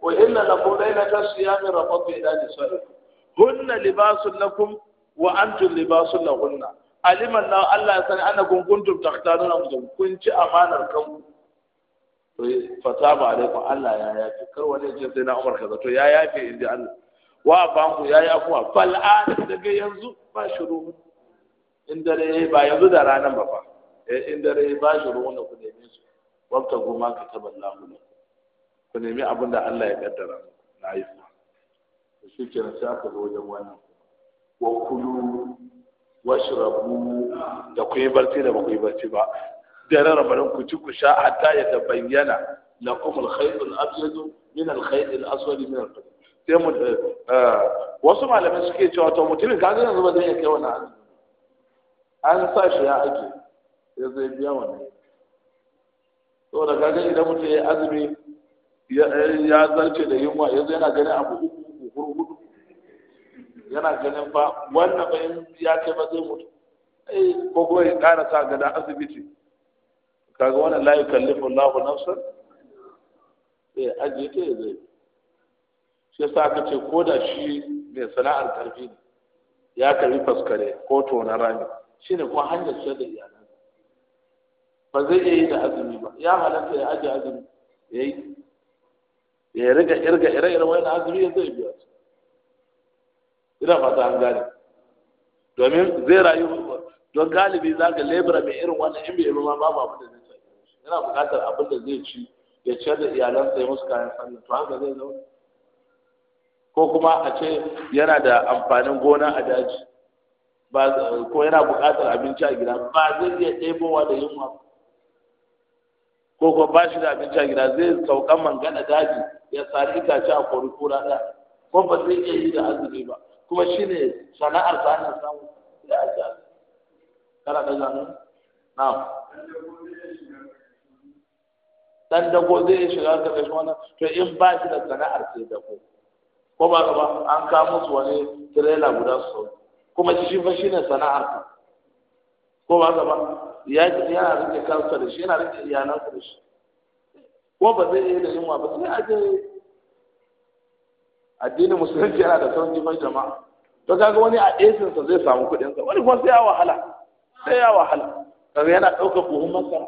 wa inna lakum laylatan siyami rafatu ila nisaikum hunna libasun lakum wa antum libasun lahunna alima na Allah ya sani annakum kuntum takhtaruna anfusakum kun ci amanar kanku to fata ba alaikum Allah ya yafi kar wani ya sai na umar kaza to ya yafi inda Allah wa banku ya afuwa fal an daga yanzu ba shiru in dare yayi ba yanzu da ranar ba fa eh, in dare yayi ba ruhu wanda ku nemi su wata goma ka taballahu ne ku nemi abin da Allah ya kaddara na yi su shi ke sai aka zo wajen wannan wa kulu Rabu, da ku yi barci da ba ku yi barci ba dare Ramadan ku ci ku sha hatta ya bayyana. lakum al-khayt al-abyad min al-khayt al min al sai mu eh, wasu malamai suke cewa to mutumin ga zai zuba zai kai wani azumi an sa shi ya ake ya zai biya da ga kaga idan mutum ya azumi ya zarce da yunwa yanzu yana ganin abu uku hudu yana ganin ba wannan ba ya kai ba zai mutu ko ko ya ƙara sa gada asibiti kaga wannan la yukallifu Allahu nafsan eh ajiye ta zai shi yasa aka ce ko da shi mai sana'ar karfi ne ya karbi faskare ko tonar rami shi ne kuma hanyar shi da iyalan ba zai iya yi da azumi ba ya halatta ya ajiye azumi ya yi ya riga irga ire-iren wani azumi ya zai biya su ina fata an gane domin zai rayu don galibi za ka lebura mai irin wannan in bai ma babu ba da zai sa yana buƙatar abin da zai ci ya ciyar da iyalansa ya musu kayan sallah to haka zai zauna ko kuma a ce yana da amfanin gona a daji ko yana buƙatar abinci a gida ba zai iya ɗebowa da yunwa ko ko ba shi da abinci a gida zai saukan mangana daji ya sari itace a kori kura da. ko ba zai iya yi da azumi ba kuma shi ne sana'ar ta hanyar samu da ajiya kana da zanu na'am dan dago zai shiga ka kashe wannan to in ba shi da sana'ar sai dago ko ba ba an kawo musu wani tirela guda su kuma shi fa shine sana'ar ka ko ba ba ya ji yana rike kansa da shi yana rike iyalansa da shi ko ba zai yi da yunwa ba sai a je addinin musulunci yana da sauki mai jama'a to kaga wani a esin sa zai samu kuɗin sa wani kuma sai ya wahala sai ya wahala kaga yana ɗauka buhun masara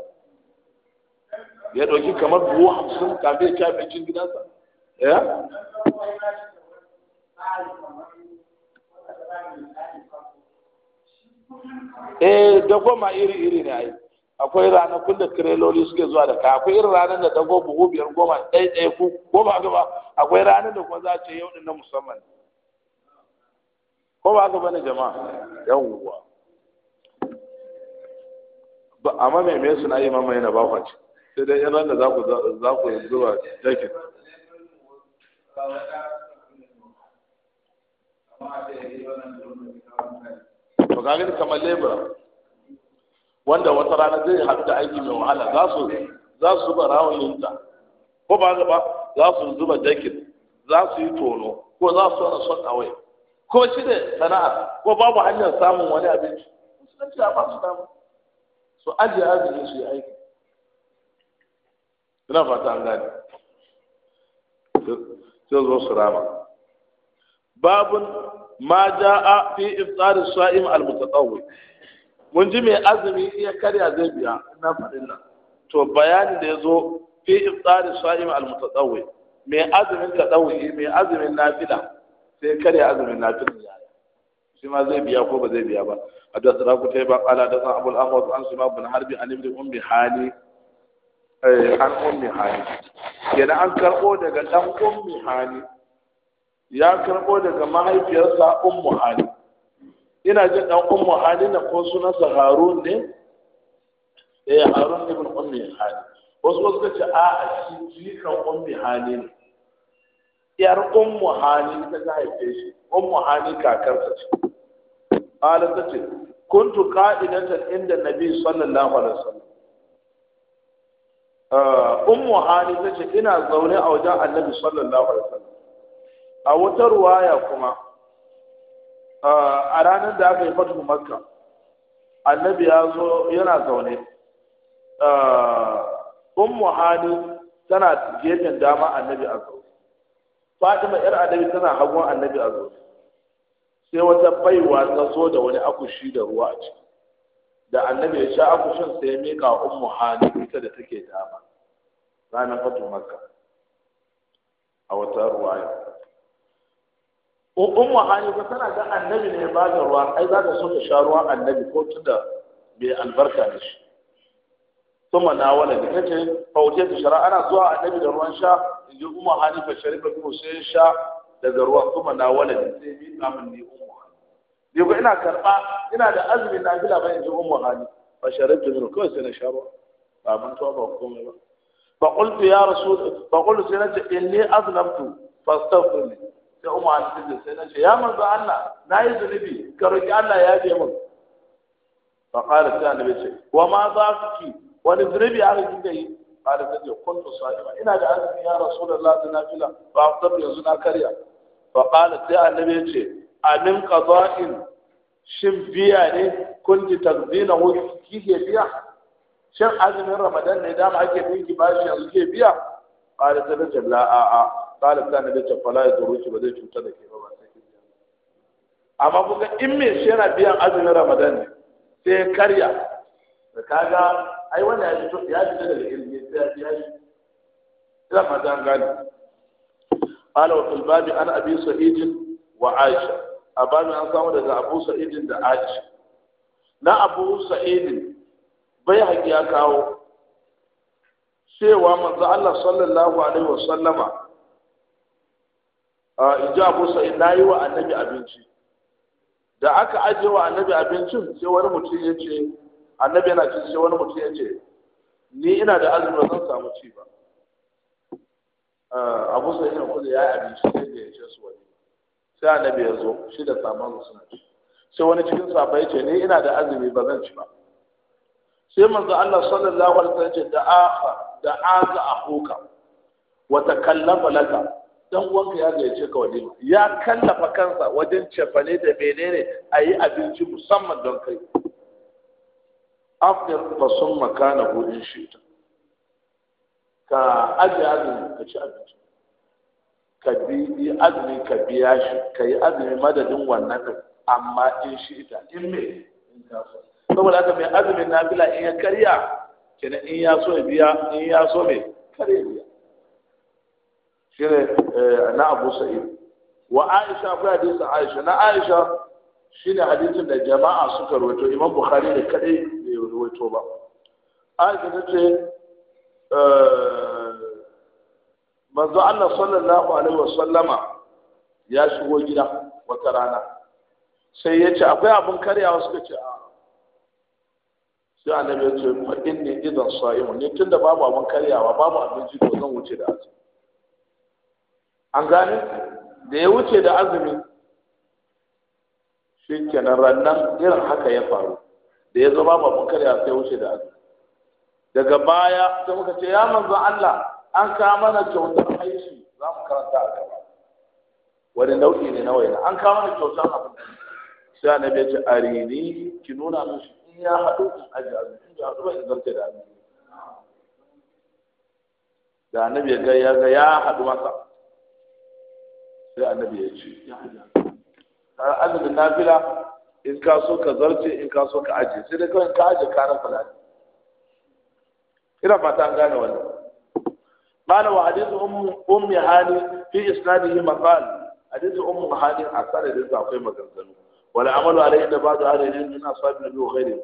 ya ɗauki kamar buhu hamsin kafin ya ci abincin gidansa ya eh dago ma iri iri ne ai akwai ranakun da kireloli suke zuwa da kaya akwai irin ranar da dago buhu biyar goma ɗaya ɗaya ku ko ba gaba akwai ranar da kuma za a ce yau na musamman ko ba gaba bane jama'a Ba amma mai me suna yi mamaye na bakwa ce sai dai yan da za ku zuba jakin to ga gani kamar lebur wanda wata rana zai haɗu da aiki mai wahala za su za su zuba rawuninta ko ba gaba za su zuba jakin za su yi tono ko za su wani son awai ko shi ne sana'a ko babu hanyar samun wani abinci musulunci a basu damu. su ajiye arziki su yi aiki ina fata an gani sai zo su rama babun ma ja'a fi iftar as-sa'im al-mutatawwi mun ji mai azumi iya karya zai biya na fadilla to bayani da yazo fi iftar as-sa'im al-mutatawwi mai azumin tadawi mai azumin nafila sai karya azumin nafila ya shi zai biya ko ba zai biya ba حدثنا قتيبة قال حدثنا أبو الأحوص عن سماك بن حرب عن ابن أم حالي عن أم حالي يعني عن كرقودة عن أم ya karbo daga mahaifiyarsa ummu hali ina jin dan ummu hali na ko sa harun ne eh harun ibn ummi hali wasu wasu ce a a shi jikan ummi hali ne yar ummu hali ta haife shi ummu hali kakarsa ce ta ce kuntu qa'idatan inda nabi sallallahu alaihi wasallam eh, ummu hali ce ina zaune a wajen annabi sallallahu alaihi wasallam a wata ruwaya kuma a ranar da aka yi fatu makka annabi ya zo yana zaune ɗin muhani tana gefen dama annabi a zaune fatima yar annabi tana hagun annabi a zaune sai wata baiwa ta zo da wani akushi da ruwa a ciki da annabi ya sha akushin sai ya mika ɗin muhani ita da take dama ranar fatu makka a wata ruwaya umma wahayi ko tana ga annabi ne ba da ruwa ai za ka so ta sha ruwan annabi ko tunda bai albarka da shi ثم ناولت كتن فوجدت shara ana zuwa annabi da ruwan sha in ji umma hanifa sharifa ko sai sha daga ruwa kuma na da sai bi kamun ni umma ne ko ina karba ina da na nafila ba in ji umma hanifa fa sharibtu min kawai sai na sha ba ba mun to ba komai ba fa qultu ya rasul fa qultu sai nace inni aznabtu fastaghfirni sai umma da siddiq sai nace ya manzo Allah yi zunubi ka roki Allah ya je mun fa qala sai annabi ce wa ma za su ki wani zunubi aka kike yi qala sai kuntu sa'ima ina da azumi ya rasulullahi da nafila fa afdal yanzu na karya fa qala sai annabi ce amin qada'in shin biya ne kunti taqdina hu kike biya shin azumin ramadan ne dama ake binki bashi yanzu ke biya qala sai ta la a'a qala ta nabi ta fala ya duru ba zai cuta da ke ba ba sai amma kuka in me shi yana biyan azumin ramadan ne sai karya da kaga ai wannan ya fito ya ji daga ilmi sai ya ji ramadan fata an gane قال babi an abi sa'id wa aisha ابان an samu daga abu sa'id da aisha na abu sa'id bai haƙi ya kawo cewa manzo Allah sallallahu alaihi wasallama Ah, in ji abu sa'id na yi wa annabi abinci da aka ajiye wa annabi abincin sai wani mutum ya ce annabi yana cin sai wani mutum ya ce ni ina da azumi zan samu ci ba ah, abu sai na kudu ya yi abinci sai da ya ce su wani sai annabi ya zo shi da saman suna ci sai wani cikin sahabbai ya ce ni ina da azumi ba zan ci ba sai manzo Allah sallallahu alaihi wasallam ya ce da aza ahuka wa takallafa laka dan uwanka ya gayyace ka walima ya kallafa kansa wajen cefane da menene a yi abinci musamman don kai afir fasun makana hudun shita ka aje azumi ka ci abinci ka bi azumi ka biya shi ka yi azumi madadin wannan ka, amma in shita in me in ka so saboda haka mai azumin bila in ya karya kenan in ya so ya biya in ya so me karya biya shine eh, na Abu Sa'id wa Aisha akwai hadisin Aisha na Aisha shine hadisin da jama'a suka rawaito Imam Bukhari da kadai ya rawaito ba Aisha ta ce eh, manzo Allah sallallahu alaihi wasallama ya shigo gida wata rana sai ya ce akwai abin karyawa suka ce a sai annabi ya ce fa inni idan sa'imu tun tunda babu abin karyawa babu abinci to zan wuce da azumi an gane da ya wuce da azumi shi kenan rannan irin haka ya faru da ya zama ba mun karya sai wuce da azumi daga baya ta muka ce ya manzo Allah an kama mana kyautar aiki za mu karanta a gaba wani nau'i ne na waina an kama mana kyautar abu sai na ya ce arini ki nuna min shi in ya haɗu in aji azumi in ya haɗu bai in zarce da azumi da annabi ya ga ya haɗu masa sai annabi ya ce ya haja ka nafila in ka so ka zarce in ka so ka aje sai dai kawai ka aje ka na fara ina fata an gane wannan bana wa hadithu ummu ummi hali fi isnadihi maqal hadithu ummu hali asara da zakai maganganu wala amalu alayhi da ba'd ahli ilmi min ashabi nabi wa ghairi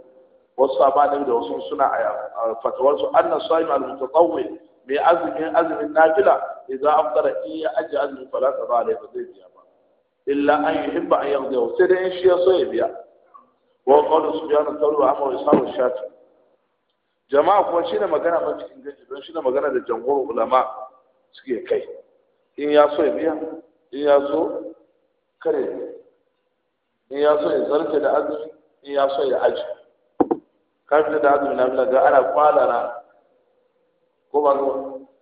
wasu sahaba nabi da wasu suna a fatawarsu annas sa'im al-mutatawwi mai azumin azumin nafila idza afṭara in ya ajiye azumin fala qada alayhi ba zai biya ba illa an yuhibba an yaghdiya sai dai shi ya so ya biya wa qala subhanahu ta'ala wa amma isabu shati jama'a kuma ne magana ba cikin gaji don shi ne magana da jamhur ulama suke kai in ya so ya biya in ya so kare in ya so ya zarce da azumi in ya so ya aji kafin da azumi na bila ga ana kwalara ko ba ko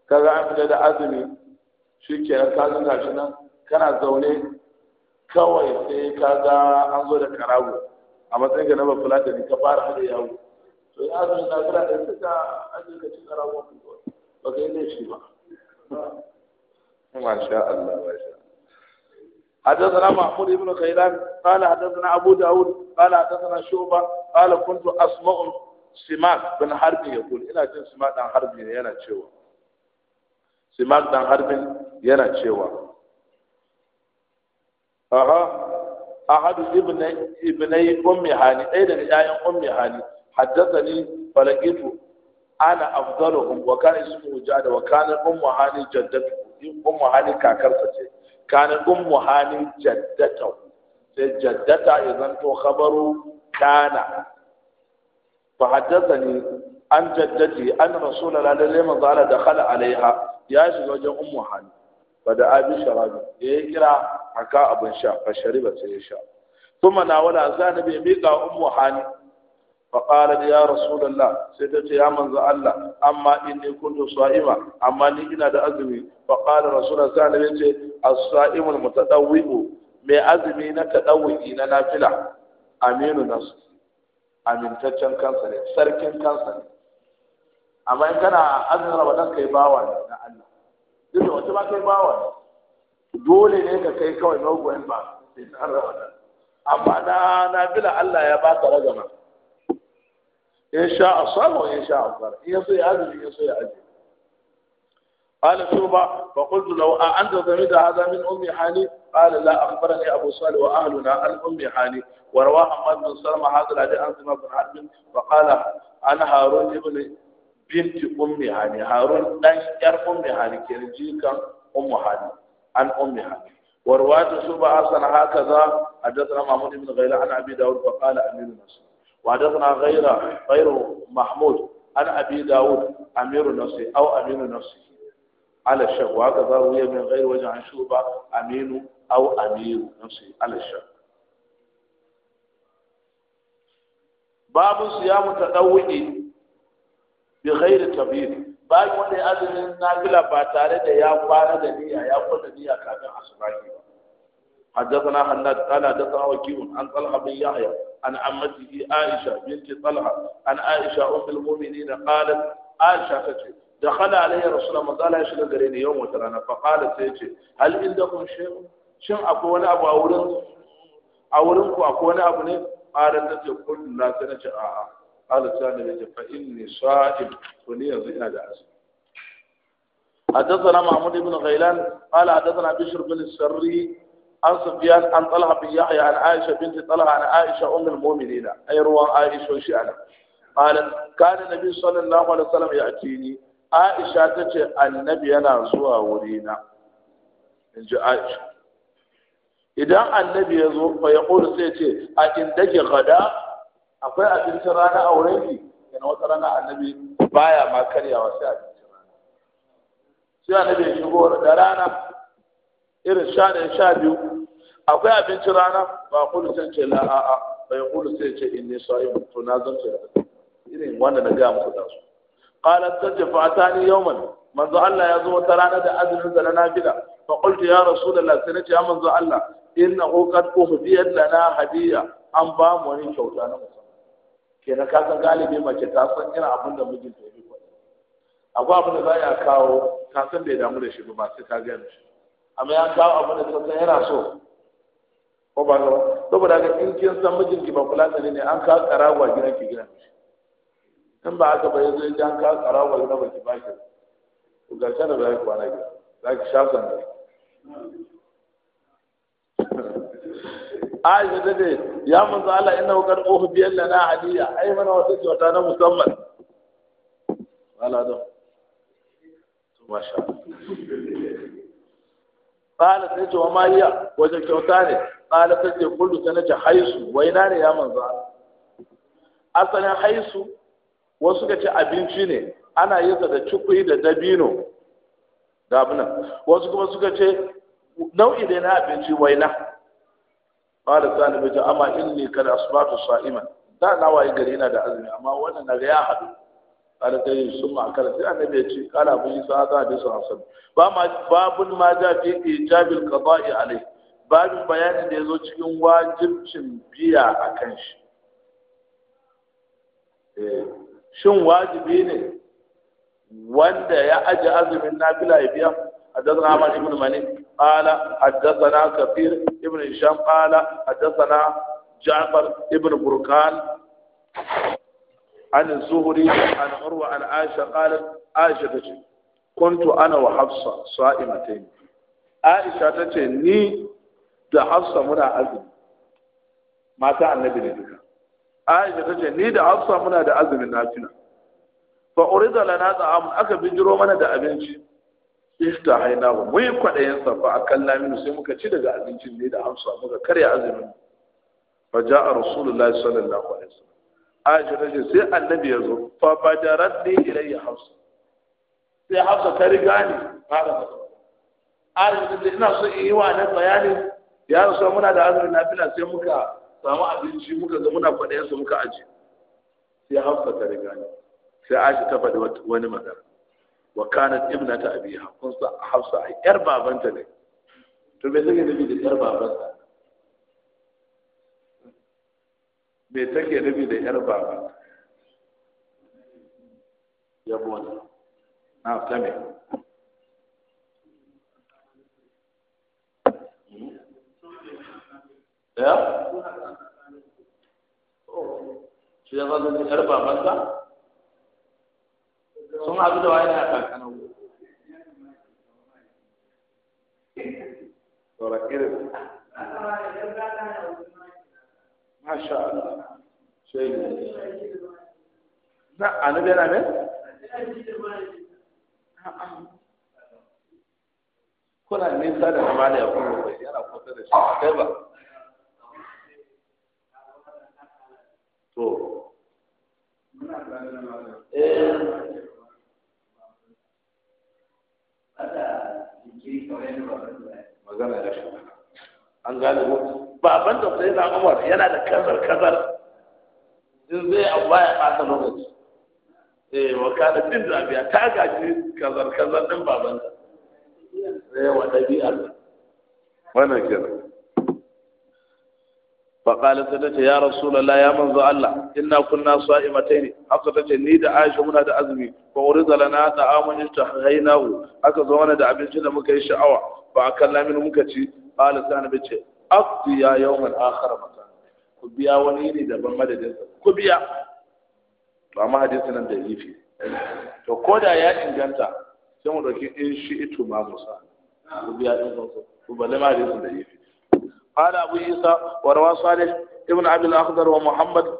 kaga an fita da azumi shi ke ka zo gashi nan kana zaune kawai sai ka ga an zo da karago a matsayin ka na ba kula da ni ka fara hada yawo to ya azumin na kira da sai ka azumin ka ci karago ba ka yi shi ba ما شاء الله ما شاء الله حدثنا محمود بن خيلان قال حدثنا أبو داود قال حدثنا شعبة قال كنت أسمع simak ban harbin ya kula ina jin simak dan harbin yana cewa simak dan harbin yana cewa aha ahadu ibn ibnai ummi hani ɗaya daga ƴaƴan ummi hani haddathani falakitu ana afdaluhum wa kana ismuhu jada wa kana ummu hani jaddatu ummu hani kakarsa ce kana ummu hani jaddatu sai jaddata ya zanto khabaru kana فحدثني عن جدتي أن رسول الله صلى الله عليه وسلم دخل عليها يا زوج وجه أم حالي فدعا بشراب يكرا حكا أبن شاء فشرب سيشاء ثم ناول أزان بيبيقى أم حالي فقال يا رسول الله سيدتي يا من الله أما إني كنت صائمة أما ني إنا دا أزمي فقال رسول الله صلى الله عليه وسلم الصائم المتدوئ ما azumi na taɗawuki na nafila aminu amintaccen kansa ne sarkin kansa ne amma in kana azumin ramadan kai bawa ne na Allah duk da wata ba kai bawa ne dole ne ka kai kawai magoyin ba sai na ramadan amma na na bila Allah ya ba ka ragama in sha asaba in sha asara in so ya azumi in so ya azumi قال شوبة فقلت لو أنت سمعت هذا من أمي حالي قال لا أخبرني أبو صالح وأهلنا عن أمي حالي ورواه حماد بن سلمة هذا الذي أنت بن حاتم فقال أنا هارون ابن بنت أمي حالي هارون دان ير أمي حالي كان أم حالي عن أمي حالي ورواه شوبة أصلا هكذا حدثنا محمود بن غيلان عن أبي داود فقال أمير المسلمين وحدثنا غيره غير محمود عن أبي داود أمير نفسه أو أمير نفسه ala shak wa haka zaru ya min ghairu wajen an aminu au amiru don su yi ala shak babun siyamu ta ɗauwuɗe bi ghairu tabiri bayan wanda azumin nafila ba tare da ya kwana da niyya ya kwana niyya kafin asibaki حدثنا حناد قال حدثنا وكيع عن طلحه بن يحيى عن عمته عائشه بنت طلحه عن عائشه ام المؤمنين قالت عائشه فتشت دخل عليه رسول الله صلى الله عليه وسلم قال يوم وترانا فقال سيتي هل عندكم شيء شن اكو wani abu a wurin a wurin ku akwai wani abu ne qalan da ce kullu la sana ce a a qala ta ne ce fa inni sa'im to ne yanzu ina da azumi حدثنا محمود بن غيلان قال حدثنا بشر بن السري عن سفيان عن طلحه بن يحيى عن عائشه بنت طلحه عن عائشه ام المؤمنين اي روى عائشه شيئا قالت كان النبي صلى الله عليه وسلم ياتيني aisha ta ce annabi yana zuwa wurina in ji aisha idan annabi ya zo fa ya ƙuri sai ce a inda ke gada akwai abincin rana a wurin ki yana wata rana annabi baya ma karyawa sai abincin rana sai annabi ya shigo da rana irin sha ɗaya sha biyu akwai abincin rana ba ƙuri sai ce la a'a bai ƙuri sai ce in ne sa'in to na zan ce irin wanda na gaya musu da su qalat tajfa atani yawman manzo Allah ya zo wata rana da azumin da na nafila fa qultu ya rasu sai nace ya manzo Allah innahu qad uhdiyat lana hadiya an ba mu wani kyauta na musamman kenan ka san galibi mace ta san irin abin da mijinta ya bi akwai abin da za ya kawo ka san bai damu da shi ba sai ka gaya mishi amma ya kawo abin da sassan yana so ko ba saboda ga in kin san mijinki ba kula da ne an kawo karagwa gidan ki gidan mishi in ba haka ba ya zo idan ka tsara wa yana baki ba ki ku na da bai kwana ki za ki sha sanda. ai da dade ya manzo Allah inna wa kad uhu bi allana hadiya ai mana wata jota na musamman wala do to masha qala sai to ma iya waje kyauta ne qala sai ce kullu sanaja haisu wai na ne ya manzo Allah asalin haisu wasu suka ce abinci ne ana yin sa da cikui da dabino da abinan wasu kuma suka ce nau'i dai na abinci waina qala sani bai ta amma inni kad asbatu sa'iman da na waye gari na da azumi amma wannan na ya hadu ta yi sun ma kala sai annabi ya ce kala abu sa'a za da su hasan ba ma babun ma ja fi ijabil qada'i alai babin bayanin da ya zo cikin wajibcin biya a kan shi eh. shin wajibi ne wanda ya aji azumin nafila ya biya حدثنا عمر بن مني قال حدثنا كثير ابن هشام قال حدثنا جعفر ابن بركان عن الزهري عن عروة عن عائشة قالت عائشة كنت أنا وحفصة صائمتين عائشة ni da hafsa muna azumi mata annabi ne duka aisha ta ce ni da hafsa muna da azumin nafila fa urida lana ta'am aka bijiro mana da abinci ista haina mu yi kwadayin safa a akalla minu sai muka ci daga abincin ne da hafsa muka karya azumin fa ja'a rasulullahi sallallahu alaihi wasallam aisha ta ce sai annabi ya zo fa badarat ni ilayya hafsa sai hafsa ta riga ni fara aisha ta ce ina so in yi wa nan bayani ya rasu muna da azumin nafila sai muka samu abinci muka ga muna kwaɗayen su muka aji sai hafsa ta riga ne sai aisha ta faɗi wani magana wa ibna ta abiha kun sa hafsa ai yar babanta ne to me take nabi da yar babanta me take nabi da yar babanta yabo ne na ta me ya shi da zan zai yar babansa sun haɗu da wani a kakanin Tora irin. Masha Allah. Shai Na annabi yana ne? Kuna nisa da amana ya kuma bai yana kusa da shi kai ba. to baban da sai Umar yana da kazar kazar in zai abu ya ɓata lokaci eh wa kana din ta gaji kazar kazar din baban da eh, wannan kenan faƙali sai ta ce ya rasulallah ya manzo Allah inna kunna su a'i mataini haka ta ce ni da aisha muna da azumi ba wuri zala na ta amon yi ta aka zo wani da abinci da muka yi sha'awa ba a kalla min muka ci ƙali sai na bice aftu ya yau mai akhara mata ku biya wani yini daban madadin ku biya to amma hadisi nan da yi fi to ya inganta sai mu ɗauki in shi itu musa ku biya ɗin sa ku balle ma hadisi da yi fi قال أبو عيسى وروى صالح ابن أبي الأخضر ومحمد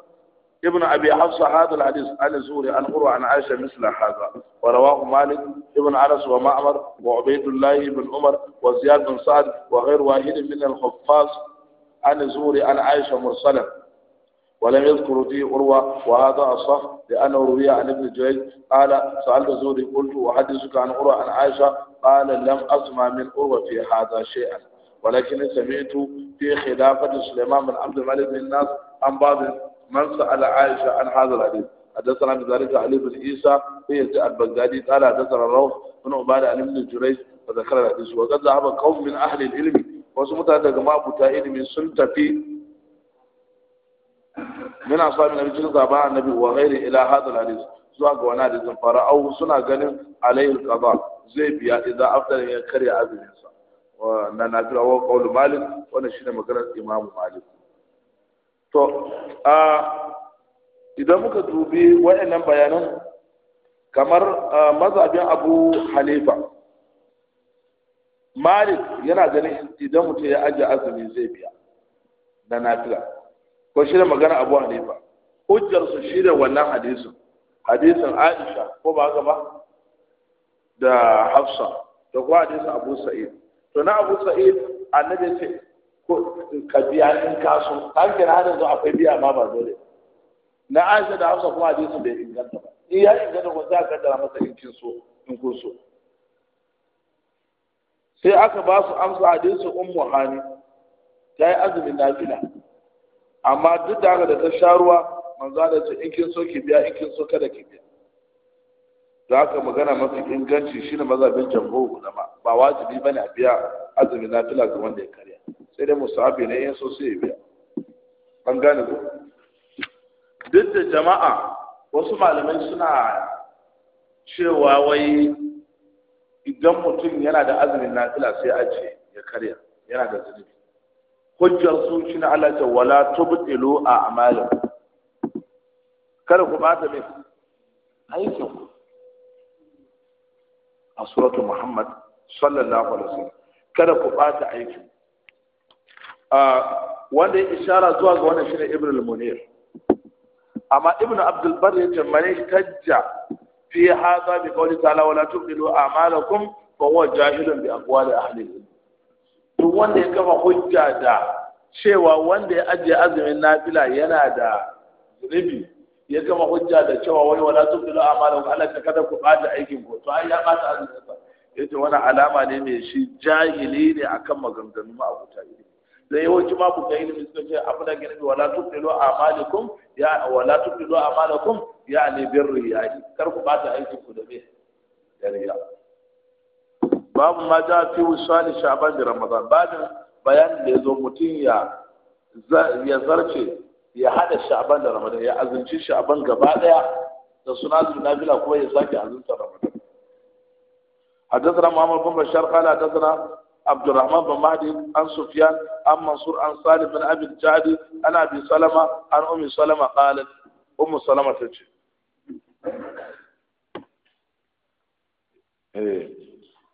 ابن أبي حفص هذا الحديث عن الزوري عن عروة عن عائشة مثل هذا ورواه مالك ابن عرس ومعمر وعبيد الله بن عمر وزياد بن سعد وغير واحد من الحفاظ عن الزوري عن عائشة مرسلة ولم يذكر فيه عروة وهذا الصح لأنه روي عن ابن جريج قال سألت زوري قلت أحدثك عن عروة عن عائشة قال لم أسمع من عروة في هذا شيئا ولكن سمعت في خلافة سليمان بن عبد الملك بن الناس عن بعض من سأل عائشة عن هذا الحديث حدثنا بذلك علي بن عيسى في البغدادي قال حدثنا روح بن عبادة عن ابن جريج فذكر الحديث وقد ذهب قوم من أهل العلم wasu mutane daga mabuta ilimi sun tafi min asabi nabi cikin zaba annabi wa ghairi ila hadal hadis zuwa ga wani hadisin fara'au suna ganin alayhi qada zai biya idan afdal ya karya azumin na nafila wa qawlu malik wannan shine maganar imam malik to a idan muka dubi wayannan bayanan kamar mazhabin abu hanifa malik yana ganin idan mutum ya ajiye azumi zai biya na nafila ko shine maganar magana abu hanifa hujjarsu su shine wannan hadisin hadisin aisha ko ba haka ba da hafsa da kuma hadisin abu sa'id to na abu sa'id annabi ce ko ka biya in ka so kan kira har zo akwai biya ma ba dole na aisha da hausa kuma hadisi bai inganta ba in ya inganta ko za a da masa in kin so in kun so sai aka ba su amsa hadisi ummu hani ta yi azumin nafila amma duk da haka da ta sha ruwa manzo da ce in kin so ki biya in kin so kada ki biya da ka magana mafi inganci shine mazhabin jamhur ulama ba wajibi ba ne a biya azumi na fila ga wanda ya karya sai dai musabi ne yin so ya biya an gane ko duk da jama'a wasu malamai suna cewa wai idan mutum yana da azumin fila sai a ce ya karya yana da zunubi hujjar su shi na Allah ta wala tubdilu a amalin kada ku bata mai aikin ku a suratu muhammad sallallahu alaihi wasallam kada ku bata aiki wanda ya ishara zuwa ga wannan shine ibn al-munir amma ibn abdul bar ya ce mani tajja fi hadha bi qawli ta'ala wala tubdilu a'malakum fa huwa jahilun bi aqwali ahli al-ilm duk wanda ya kafa hujja da cewa wanda ya ajiye azumin nafila yana da zunubi ya gama hujja da cewa wai wala a malam Allah ta kada ku bata aikin ku to ai ya bata azumin sa ce wani alama ne mai shi jahili ne akan maganganu ma abuta ilimi yi. yawanci ma ku ga ilimi suka ce abu da gani wala a a'malakum ya wala a a'malakum ya ne bin ya kar ku bata aikin ku da me da riya babu ma ja fi wusali sha'ban da ramadan babin bayan da ya zo mutum ya zarce ya hada sha'ban da ramadan ya azumci sha'ban gaba daya da sunatun nafila kuma ya sake azumta ramadan حدثنا محمد بن بشار قال حدثنا عبد الرحمن بن مهدي عن سفيان عن منصور عن صالح بن ابي الجعد عن ابي سلمه عن ام سلمه قالت ام سلمه تجي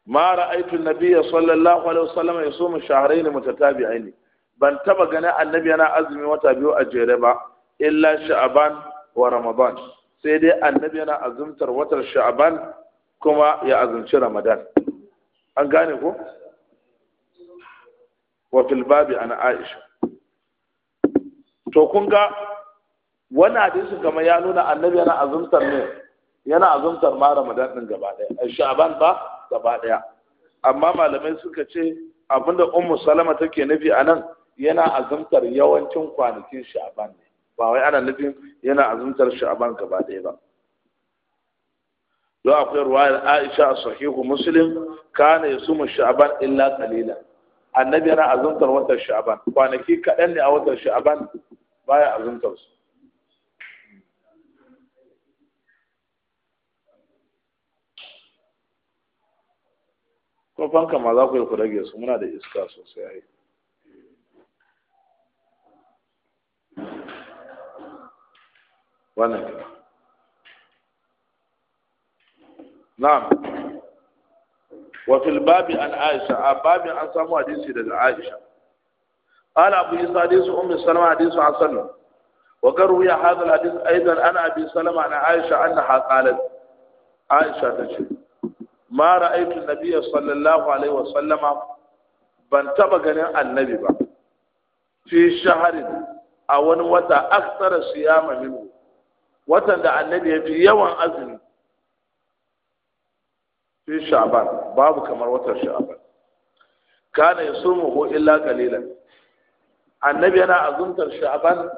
ما رايت النبي صلى الله عليه وسلم يصوم شهرين متتابعين ban taba ganin annabi yana azumi wata biyu a jere ba illa sha'aban wa ramadan sai dai annabi yana azumtar watar sha'aban kuma ya azumci ramadan an gane ko wa fil babi ana aisha to kun ga wannan hadisi kamar ya nuna annabi yana azumtar ne yana azumtar ma ramadan din gaba daya eh, sha'aban ba gaba daya amma malamai suka ce abinda ummu salama take nufi anan yana azumtar yawancin kwanakin sha'aban ne ba wai ana nufin yana azumtar sha'aban gaba ɗaya ba don akwai ruwayar aisha a sahihu muslim kana ya sumu sha'aban illa kalila annabi yana azumtar watan sha'aban kwanaki kaɗan ne a watan sha'aban baya azumtar su Kuma fanka ma za ku yi ku rage su muna da iska sosai ونبي نعم وفي الباب عن عائشة الباب آه، عن سمو حديثي عائشة قال أبو يسا حديث أم السلام حديث عن سلمة وقروا هذا الحديث أيضا عن أبي سلم عن عائشة أنها قالت عائشة تشهد ما رأيت النبي صلى الله عليه وسلم ban taba ganin في شهر أو shaharin أكثر wani منه watan da annabi ya fi yawan azumi fi sha'ban babu kamar watan sha'ban kana ko illa qalilan annabi yana azumtar sha'ban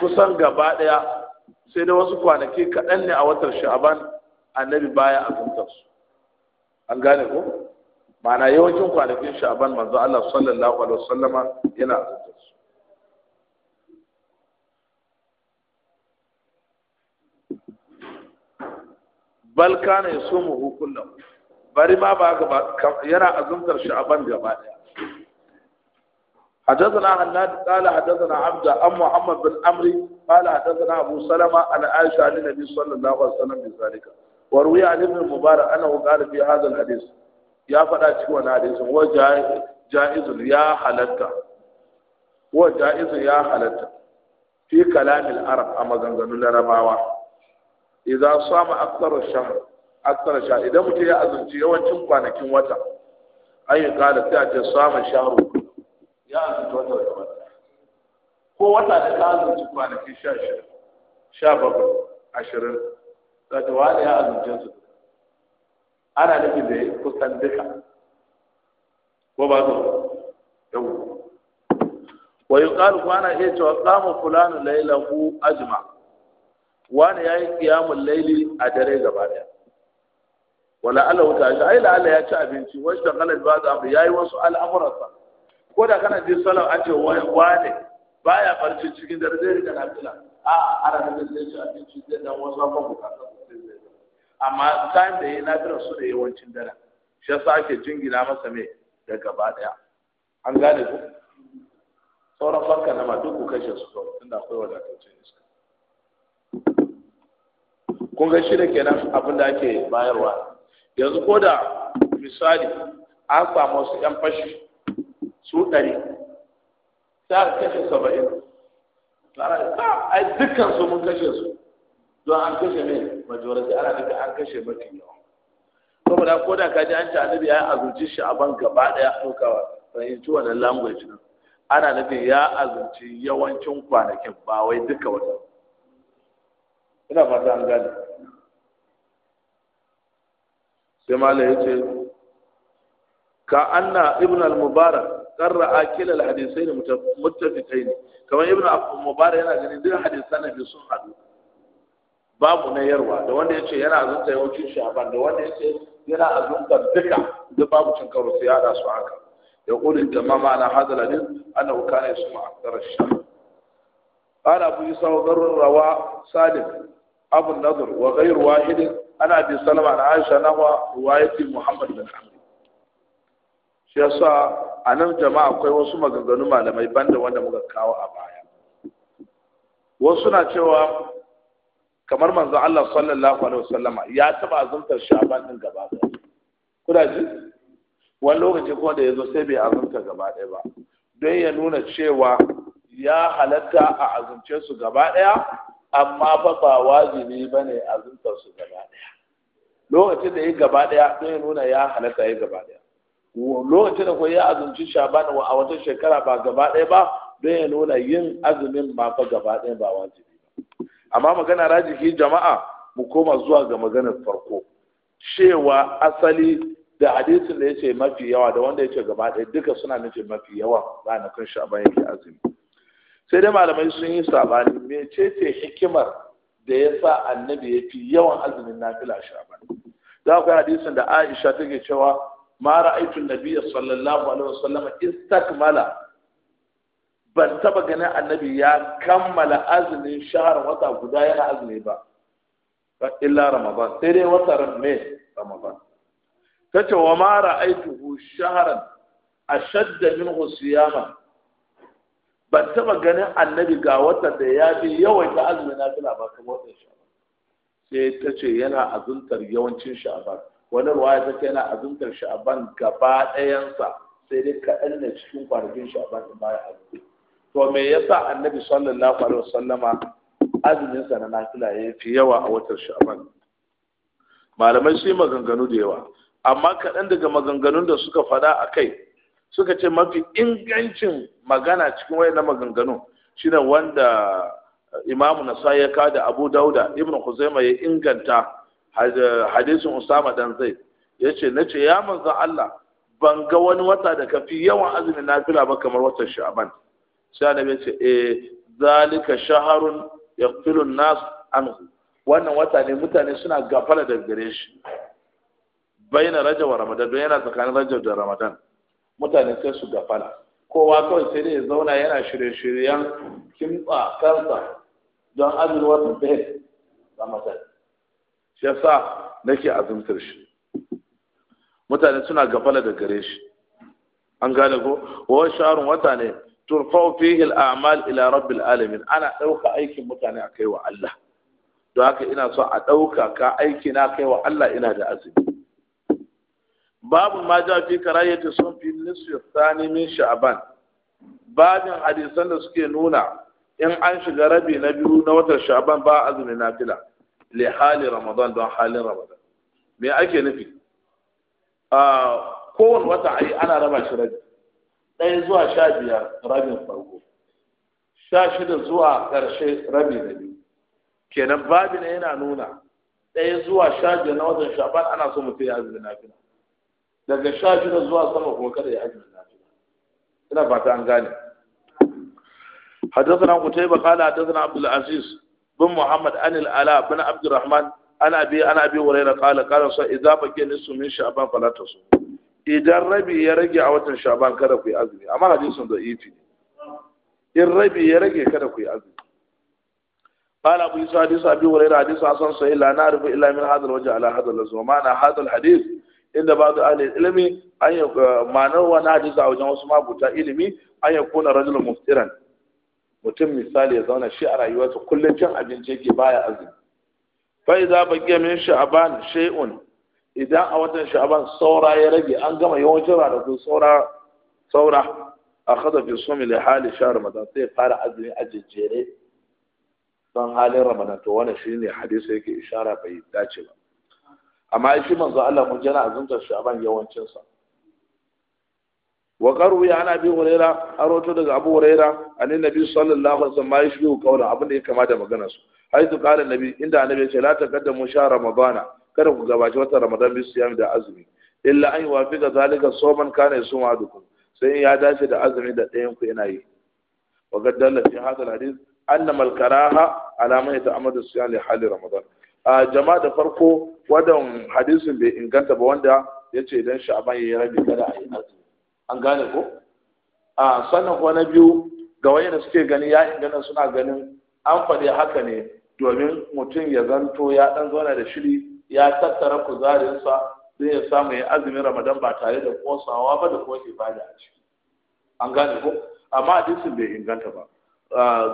kusan gaba daya sai da wasu kwanaki kaɗan ne a watan sha'ban annabi baya azumtar su an gane ko ma'ana yawancin kwanakin sha'ban manzo Allah sallallahu alaihi wasallama yana azumtar su balkana ya somu hukunan bari ma yana azumtar shi a ban gaba da tsala hadasa na amza bin amri tsala hadasa na abu salama na aisha ni na bisu wannan na kwasa warwi a nufin ana wukar biyu hazan hadis ya fada ciki wani hadis wa ja'izun ya halatta fi kalamin arab a maganganu larabawa idan sama aksara shahr aksara shahr idan mutum ya azumci yawancin kwanakin wata ayi kada sai a ce samun shahru ya azumci wata wata ko wata da ka azumci kwanakin sha shida sha bakwai ashirin za ta wani ya azumce su ana nufin da ya kusan duka ko ba su yau wa yuqalu ana iya cewa qama fulanu laylahu ajma' wani ya yi kiyamun laili a dare gaba daya wala Allah wuta shi ai la Allah ya ci abinci wani da kalan ba za ya yi wasu al'amuransa ko da kana jin salon an ce wani baya barci cikin dare zai rika nafila a ana da zai ci abinci zai dan wasu abubuwan bukatun zai zai amma time da ya yi nafila su da yawancin dare shi yasa ake jingina masa mai da gaba daya an gane ku sauran fanka na ma duk ku kashe su kawai tunda akwai wadataccen iska kun ga shi da kenan abin da ake bayarwa yanzu ko da misali an samu su yan fashi su ɗari ta kashe saba'in ai dukkan su mun kashe su don an kashe ne majorasi ana nufi an kashe mafi yawa saboda ko da ka ji an ci annabi ya azurci shi a ban gaba daya ɗaukawa fahimci wannan language nan ana nufin ya azurci yawancin kwanakin ba wai duka wata ina fata an gane sai mala ya ce ka anna ibn al-mubarak karra akil al-hadisai ne mutafikai ne kamar ibn al-mubarak yana ganin duk hadisan na sun haɗu babu na yarwa da wanda ya ce yana azunta yawancin shaban da wanda ya ce yana azunta duka duk babu cin karo sai ya su haka ya da jama'a na hadal hadis ana kana yasma su ash-sham قال أبو يوسف sauran rawa سالم abu nadr wa ghayr wahid ana abi salama da aisha nahwa riwayati muhammad bin amr shi yasa a nan jama'a akwai wasu maganganu malamai banda wanda muka kawo a baya wasu na cewa kamar manzo Allah sallallahu alaihi wasallama ya taba azumtar shaban din gaba ɗaya kuna ji wani lokaci kuma da yazo sai bai azumta gaba ɗaya ba don ya nuna cewa ya halatta a azumce su gaba ɗaya amma fa ba wajibi ba ne azumtar su gaba ɗaya lokacin da ya gaba ɗaya don ya nuna ya halatta ya gaba ɗaya lokacin da kuwa ya azumci shaban a wata shekara ba gaba ɗaya ba don ya nuna yin azumin ba fa gaba ɗaya ba wajibi ba amma magana rajiki jama'a mu koma zuwa ga maganar farko cewa asali da hadisin da ya ce mafi yawa da wanda ya ce gaba ɗaya duka suna nufin mafi yawa ranakun sha'ban yake azumi sai dai malamai sun yi sabani mecece hikimar da ya sa annabi ya fi yawan azumin nafila a Za ku yi hadisin da aisha take cewa ma ra'aytu nabiyya sallallahu alaihi wasallam istakmala ban taba ganin annabi ya kammala azumin shahar wata guda yana azumi ba illa ramadan sai dai wata mai ramadan ce wa ma shaharan a ashadda minhu siyaman ban taba ganin annabi ga watan da ya fi yawaita azumin nafila ba kamar wata sha'aba. sai ta ce yana azuntar yawancin sha'aban. wani ruwaya ta ce yana azuntar sha'aban gaba ɗayansa sai dai kaɗan ne cikin kwanakin sha'aban da baya azumi to me yasa annabi sallallahu alaihi wasallama azumin sa na nafila ya fi yawa a watan sha'aban? malamai sai maganganu da yawa amma kaɗan daga maganganun da suka faɗa a kai suka ce mafi ingancin magana cikin na maganganu shine wanda eh, imamu nasai ya kada abu dauda ibn huzaima ya inganta hadisin usama dan zai yace nace ya manzo Allah ban ga wani wata da kafi yawan azumin nafila ba kamar watan sha'ban sai annabi ce eh zalika shaharun yaghfilu an-nas anhu wannan wata ne mutane suna gafara da gare shi bayyana rajab wa ramadan yana tsakanin rajab da ramadan mutane sai su gafara kowa kawai sai dai ya zauna yana shirye-shiryen kimba kansa don da bai ɗaya ramadan shi na nake azumtar shi mutane suna gafala da gare shi an gane ko wa sharun wata ne turfau fihi al'amal ila rabbil alamin ana ɗauka aikin mutane a wa Allah don haka ina so a ɗauka ka aiki na wa Allah ina da azumi babu ma ja fi karayati sun fi nisfi tsani min Sha'aban. babin hadisan da suke nuna in an shiga rabi na biyu na watan Sha'aban ba azumi nafila li hali ramadan don halin ramadan me ake nufi a kowane wata ayi ana raba shi rabi ɗaya zuwa sha biyar rabin farko sha shida zuwa ƙarshe rabi na biyu kenan babin yana nuna ɗaya zuwa sha biyar na watan Sha'aban ana so mu ya azumi nafila daga sha shi na zuwa sama kuma kada ya ajiye lafiya ina fata an gane haddasa nan kutai bakala haddasa nan abdul aziz bin muhammad anil ala bin abdurrahman ana bi ana bi wurai na kala kala sa idan bake ne su min sha'aban falata su idan rabi ya rage a watan sha'aban kada ku yi azumi amma hadisin da ifi in rabi ya rage kada ku yi azumi قال أبو يسوع حديث أبي هريرة حديث عن صلى الله عليه وسلم لا نعرف إلا من هذا الوجه على هذا الوجه ومعنى هذا الحديث inda ba da ahli ilimi an yi ma'anar wani hadisi a wajen wasu mabuta ilimi an yi kuna rajulun muftiran mutum misali ya zauna shi a rayuwarsa kullum cin abinci yake baya azumi za ba baqiya min Sha'aban shay'un idan a watan Sha'aban saura ya rage an gama yawancin ranakun saura saura kada fi sumi da hali sha ramadan sai fara azumi a jejjere don halin ramadan to shi ne hadisi yake ishara bai dace ba amma shi manzo Allah mun jana azumtar shi ban yawancin sa wa qaru ya ana bi hurayra aroto daga abu hurayra annabi nabi sallallahu alaihi wasallam ya shi kaula abin da ya kama da magana su haitu qala nabi inda annabi ya ce la taqaddamu sha ramadana kada ku gabaci wata ramadan bi siyam da azumi illa an yuwafiqa zalika sawman kana yasuma dukum sai ya dace da azumi da ɗayan ku yana yi wa gaddalla fi hadha alhadith annama alkaraha ala man yata'ammadu siyam li hali ramadan jama'a da farko wadan hadisin bai inganta ba wanda ya ce idan sha'aban ya yi rabi kada a yi azumi an gane ko a sannan kuwa na biyu ga wayanda suke gani ya inganta suna ganin an faɗi haka ne domin mutum ya zanto ya ɗan zauna da shiri ya tattara kuzarinsa zai ya samu ya azumin ramadan ba tare da kosawa ba da kuma ibada a ciki an gane ko amma hadisin bai inganta ba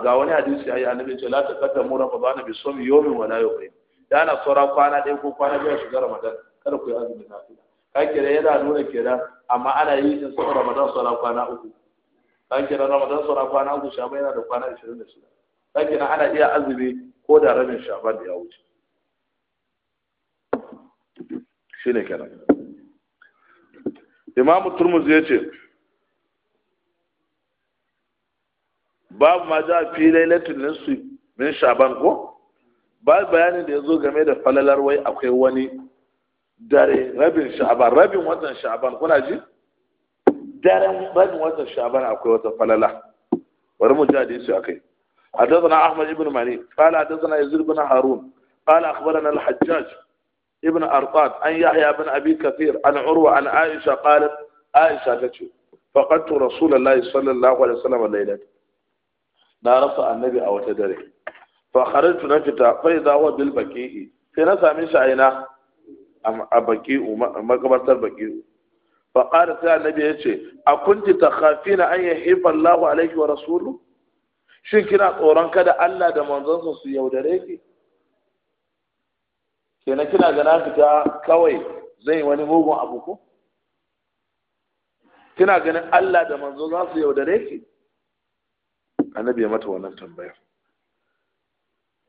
ga wani hadisi ayi annabi ce la taqaddamu ramadan bi sawmi yawmin wala yawmayn da ana saura kwana ɗaya ko kwana biyar shiga ramadan kada ku yi azumi na fi ka kira yana nuna kira amma ana yi in sun ramadan sauran kwana uku ka kira ramadan sauran kwana uku shaban yana da kwana ishirin da shida ka kira ana iya azumi ko da rabin shaban da ya wuce Shi ne kenan imamu turmuzi ya ce babu ma za a fi lailatul nisfi min shaban ko ba bayanin da ya zo game da falalar wai akwai wani dare rabin sha'aban rabin watan sha'aban kuna ji daren rabin watan sha'aban akwai wata falala bari mu ji su akai حدثنا احمد بن مالك قال حدثنا يزيد بن هارون قال اخبرنا الحجاج ابن ارطاد عن يحيى بن ابي كثير عن عروه عن عائشه قالت عائشه تشي فقدت رسول الله صلى الله عليه وسلم ليله na rasa annabi a wata dare فخرجت kharajtu na fita بالبكي idza سامي bil baqi'i sai na same shi a ina a baqi'u makabartar baqi'u fa qala sai annabi yace a kunti takhafina an yahifa Allahu wa rasuluhu shin kina tsoron kada Allah da manzonsa su kina kina ganin Allah da manzo za su yaudare ki annabi ya mata wannan tambayar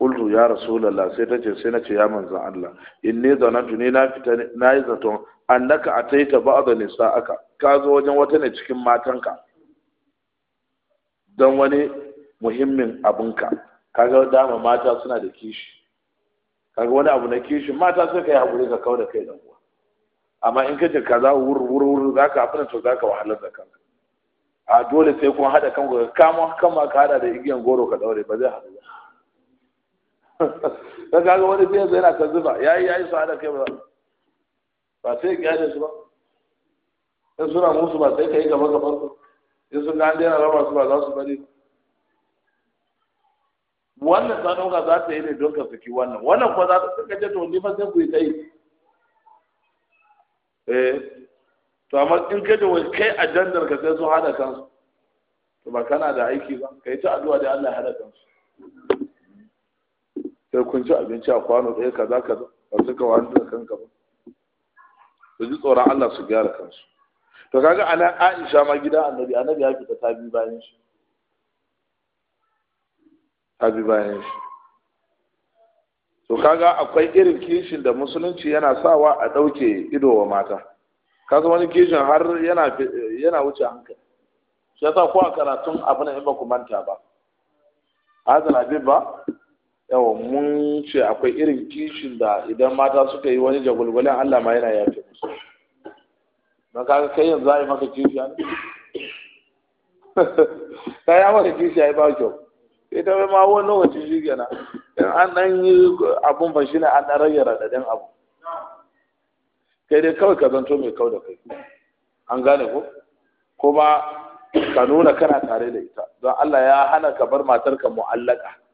qultu ya rasulullah sai tace sai nace ya manzon Allah inni zanantu ni na fita na yi zaton annaka ataita ba'd nisa'aka ka zo wajen wata ne cikin matanka dan wani muhimmin abinka kaga dama mata suna da kishi kaga wani abu na kishi mata sai kai hakuri ka kawo da kai dan uwa amma in kace kaza wur wur wur zaka afana to zaka wahalar da kanka a dole sai kun hada kanku ka kama ka hada da igiyan goro ka daure ba zai haɗu ka kaga wani sai zai ta zuba yayi yi su hada kai ba ba sai kyale su ba in suna musu ba sai ka yi gaba gaban su in sun ga an daina raba su ba za su bari ba wannan ta ɗauka za ta yi ne don ka saki wannan wannan kuwa za ta saka ce to ni ba sai ku yi ta yi eh to amma in ka da kai a dandar ka sai sun hada kansu to ba kana da aiki ba kai ta addu'a da Allah ya hada kansu sai kun ci abinci a kwano ɗaya kaza kaza ba suka wani da kanka ba su ji tsoron Allah su gyara kansu to kaga ana Aisha ma gidan Annabi Annabi ya fita ta bi bayan shi ta bi bayan shi to kaga akwai irin kishin da musulunci yana sawa a ɗauke ido wa mata kaga wani kishin har yana yana wuce hankali shi yasa ko a karatun abin in ba ku manta ba hazal habib ba yawa mun ce akwai irin kishin da idan mata suka yi wani jagulgulen Allah ma yana yafe musu don kaga kai yanzu ai maka kishi ne ta [laughs] ya maka ai ba kyau sai ta ma wani lokaci shi kenan in an dan yi abun ba shine an dan rage radadin abu kai dai kawai ka zanto mai kau da kai an gane ko kuma ka nuna kana tare da ita don Allah ya hana ka bar matarka mu'allaka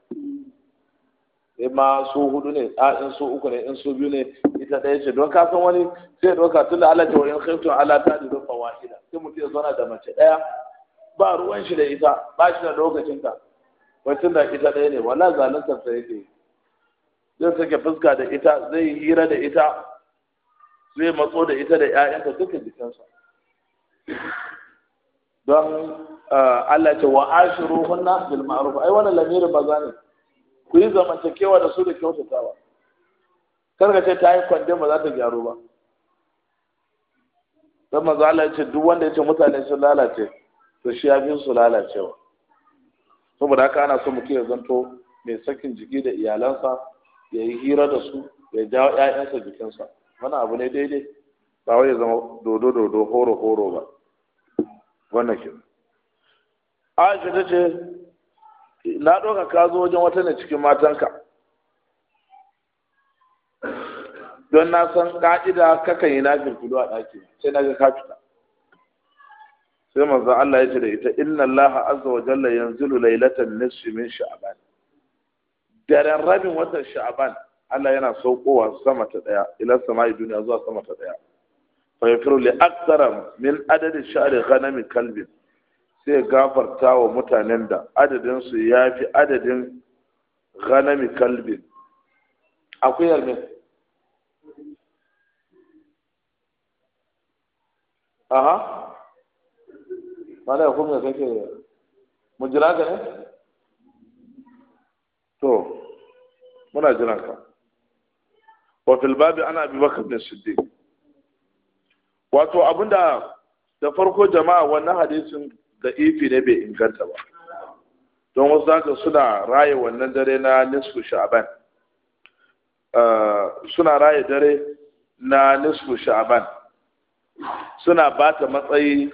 sai ma su hudu ne a in su uku ne in su biyu ne ita ɗaya ce don kasan wani sai ɗauka tun da Allah ce in khiftum ala ta'dilu fawahida sai mutum ya zauna da mace ɗaya ba ruwan shi da ita ba shi da lokacin ta wacin da ita ɗaya ne wala zalunta sai yake zai sake fuska da ita zai hira da ita zai matso da ita da ƴaƴanta duka jikinsa don eh, Allah ce wa ashiru hunna bil ma'ruf ai wannan lamirin maza ne ku yi zamantakewa da su da kyautatawa kar ka ce ta yi kwande ba za ta gyaru ba dan manzo Allah ya ce duk wanda ya ce mutane sun lalace to shi ya fi su lalacewa saboda haka ana so mutum ya zanto mai sakin jiki da iyalansa ya yi hira da su ya jawo 'ya'yansa jikinsa wani abu ne daidai ba wai ya zama dodo dodo horo horo ba wannan ke Aisha ta ce na ɗauka ka zo wajen wata ne cikin matanka don na san ƙa'ida kakan yi na firfido a ɗaki sai na ga ka fita sai manzon Allah ya ce da ita inna Allah azza wa jalla yanzilu lailatan nisfi min sha'ban daren rabin watan sha'ban Allah yana saukowa sama ta daya ila sama'i duniya zuwa sama ta daya fa yafiru li aktsara min adadi sha'ri ghanami kalbin sai gafarta wa mutanen da adadinsu ya fi adadin ghanami kalbin akwai ne aha mana ya kuma kake mu jira ka ne to muna jiran ka wa fil babi ana bi bakar bin siddiq wato abinda da farko jama'a wannan hadisin da ifi e ne bai inganta ba don wasu zaka suna raye wannan dare na nisfu sha'aban eh, suna raye dare na nisfu sha'aban suna ba ta matsayi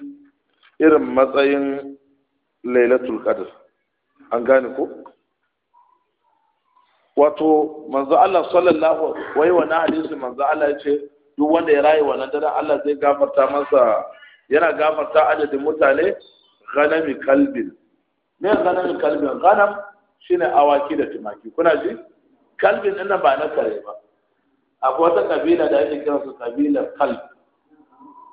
irin matsayin lailatul qadr an gane ko wato manzo Allah sallallahu wai wa hadisi manzo Allah ce, duk wanda ya raye wannan dare Allah zai gafarta masa yana gafarta adadin mutane ghanami kalbin me ghanami kalbin ghanam shine awaki da tumaki kuna ji kalbin din ba na kare ba akwai wata kabila da ake kira su kabilar kalb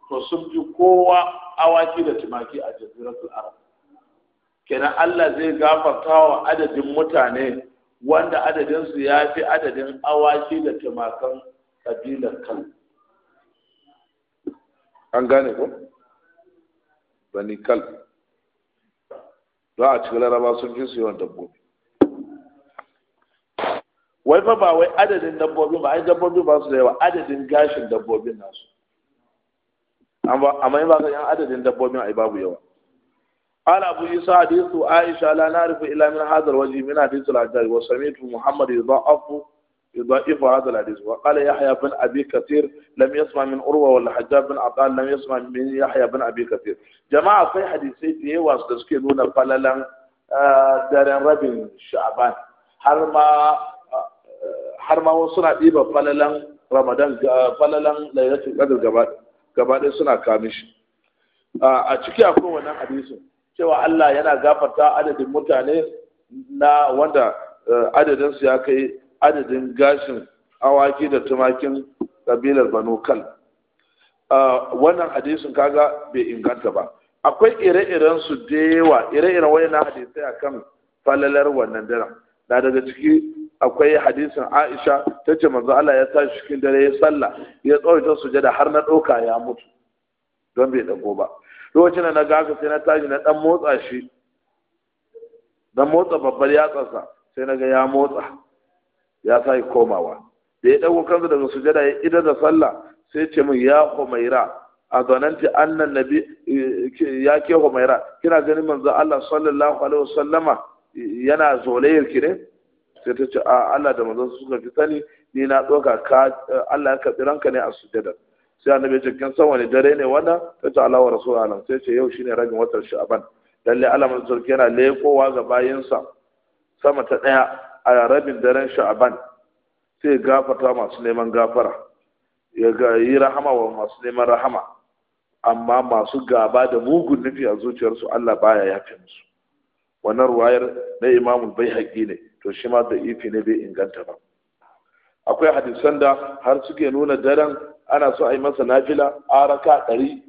to sun fi kowa awaki da tumaki a jaziratul arab kenan Allah zai gafarta wa adadin mutane wanda adadin su ya adadin awaki da tumakan kabilar kalb an gane ko bani kalb don a cikin laraba sun fi su yawan dabbobi wai fa ba wai adadin dabbobi ba ai dabbobi ba su da yawa adadin gashin dabbobin nasu amma in ba ka yan adadin dabbobin ai babu yawa قال isa عيسى aisha عائشة لا نعرف إلا من هذا الوجه من حديث Samitu, وسمعت محمد Afu. يضعف هذا الحديث وقال يحيى بن أبي كثير لم يسمع من أروى ولا حجاب بن عقال لم يسمع من يحيى بن أبي كثير جماعة في حديثي دي واسدسكنون فللا دارين ربن شعبان har ma har ma wasu suna ɗiba falalan ramadan falalan lailatul qadr gaba gaba suna kamin a ciki akwai wannan cewa Allah yana gafarta adadin mutane na wanda adadinsu su ya kai adadin gashin awaki da tumakin kabilar banokal. kal wannan hadisin kaga bai inganta ba akwai ire-iren su da yawa ire-iren wani na hadisai akan falalar wannan dare na daga ciki akwai hadisin Aisha ta ce manzo Allah ya tashi cikin dare ya sallah ya tsawaita sujada har na doka ya mutu don bai dago ba lokacin da na ga sai na tashi na dan motsa shi dan motsa babbar yatsarsa sai na ga ya motsa ya sake komawa da ya dago kansa daga sujada ya Idan da sallah sai ce min ya humaira a zananti annan nabi ya ke humaira kina ganin manzo Allah sallallahu alaihi wasallama yana zolayar ki ne sai ta ce a Allah da manzo suka fi sani ni na doka ka Allah ya kabi ranka ne a sujada sai annabi ce kin san wani dare ne wannan ta ce Allah wa rasulullahi sai ce yau shine rabin watan sha'ban lalle Allah manzo yana lekowa ga bayinsa sama ta daya a rabin daren sha'aban sai gafata masu neman gafara ya yi rahama wa masu neman rahama amma masu gaba da mugun nufi a zuciyarsu Allah baya fi musu wannan ruwayar na imamul bai haƙi ne to shi ma da ifi ne bai inganta ba akwai hadisan da har suke nuna daren ana so a yi masa nafila a raka ɗari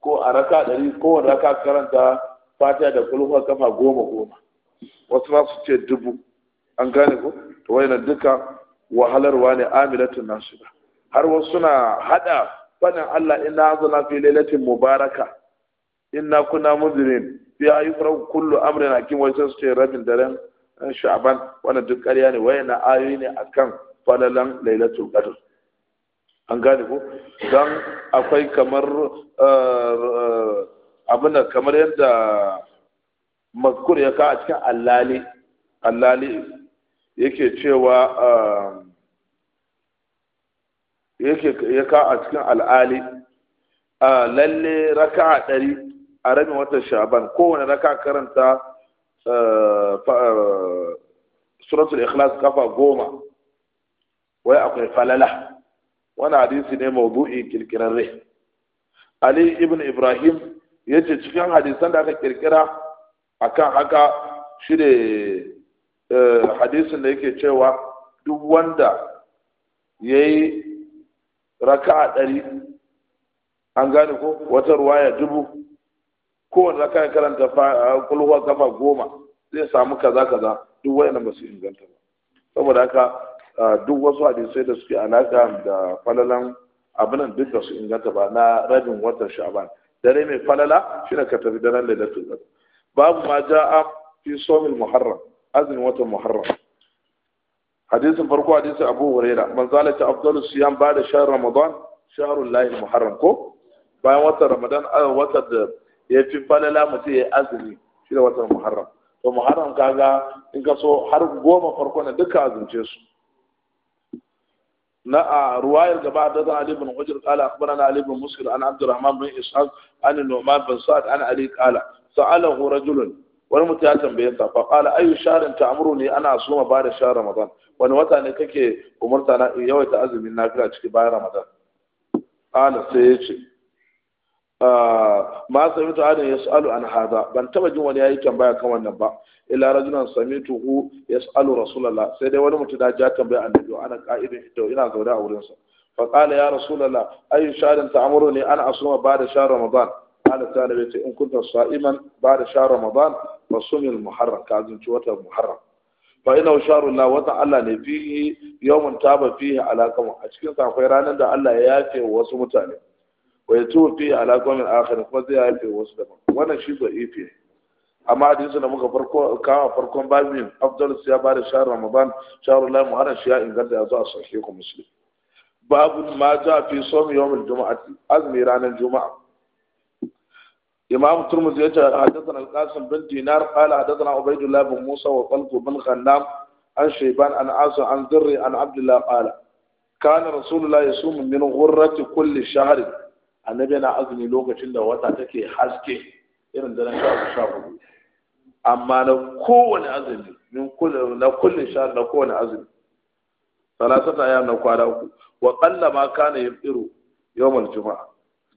ko a raka ɗari ko raka karanta fatiha da kulhuwa kafa goma goma wasu ma su ce dubu an gane ko to wayannan duka wahalarwa ne amilatun nasiba har wasu suna hada fadin Allah inna azna fi lailatin mubaraka inna kuna muzrin fi ayyukra kullu amrin hakim wajen sai ce rabin daren eh, sha'ban wannan duk ƙarya ne na ayoyi ne akan falalan lailatul qadr an gane ko don akwai kamar eh, abin da kamar yadda mazkur ya ka a cikin allali allali yake cewa um, yake ya ka a cikin al'ali lalle raka ɗari a rabin watan shaban kowane raka karanta uh, uh, suratul ikhlas kafa goma wai akwai falala wani hadisi ne maudu'i kirkirarre ali ibn ibrahim ya ce cikin hadisan da aka kirkira akan haka shi ne Eh, hadisin da yake cewa duk wanda ya yi raka'a ɗari an gane ko wata ruwaya dubu kowane raka'a karanta eh, kulhuwa kafa goma zai samu kaza kaza duk wayan ba su inganta ba saboda haka eh, duk wasu hadisai da suke alaƙa da falalan abinan duk da su inganta ba na rabin watan sha'ban dare mai falala ne ka tafi daren lailatul babu ma ja'a fi somin muharram azumin watan muharram hadisin farko hadisin abu huraira man zalata afdalus siyam da shahr ramadan shahrul lahi muharram ko bayan watan ramadan watan da ya fi falala mutum ya azumi shi da watan muharram to muharram kaga in ka so har goma farko na duka azumce su na a ruwayar gaba da zan ali bin hujr qala akhbarana ali bin muslim an abdurrahman bin ishaq an nu'man bin sa'd an ali qala sa'alahu rajulun wani mutum ya tambaye ta fa qala ayu sharin ta'muru ni ana asuma ba da shar ramadan wani wata ne kake umurta na yawaita azumin kira ciki bayan ramadan qala sai ya ce ah, ma ya adam su'alu an hada ban taba jin wani yayi tambaya kan wannan ba illa rajulan samituhu yas'alu rasulullah sai dai wani mutum da ja tambaya annabi ana qa'idin fito ina zaune a wurin sa fa qala ya rasulullah ayu sharin ta'muru ni ana asuma ba da shar ramadan ta'ala ta rabe ce in kunta sa'iman ba da sha ramadan fa muharram ka azunci wata muharram fa ina sharun la wata Allah ne fihi yawmun taba fihi ala qawm a cikin sa akwai ranar da Allah ya yafe wasu mutane wa a fihi kuma zai wasu wannan shi da muka farko kama farkon babin afdal siya ba da shahar ramadan shahar la muharram shi ya inganta ya zo a ku muslim babu ma ja fi sawm yawon al azumi ranar juma'a إمام الترمذي حدثنا القاسم بن دينار قال حدثنا عبيد الله بن موسى وطلق بن غنام عن شيبان عن عاصم عن ذري عن عبد الله قال كان رسول الله يصوم من غرة كل شهر annabi azumi lokacin da wata take haske irin da na sha sha amma na kowane azumi na kullum sha na kowane azumi salasata ya na kwana uku ma kana juma'a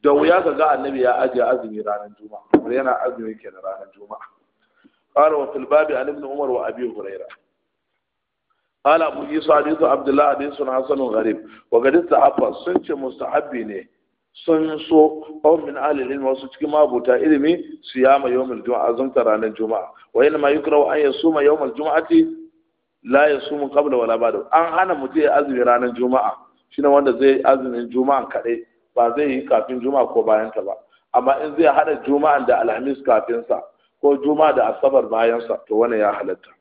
da wuya ka ga annabi ya ajiye azumi ranar juma'a kuma yana azumi yake na ranar juma'a qala wa fil babi an ibn umar wa abi huraira qala abu isa hadith abdullah hadith hasan gharib wa qad istahaba sun ce mustahabbi ne sun so aw min ahli ilmi wasu cikin mabuta ilimi su yama yawmul juma'a azumta ranar juma'a wa ma yukrahu an yasuma yawmul juma'ati la yasumu qabla wala ba'da an hana mutai azumi ranar juma'a shine wanda zai azumin juma'a kadai ba zai yi kafin juma'a ko bayan ta ba amma in zai hada Juma'a da alhamis kafin sa ko juma'a da asabar bayan sa to wannan ya halatta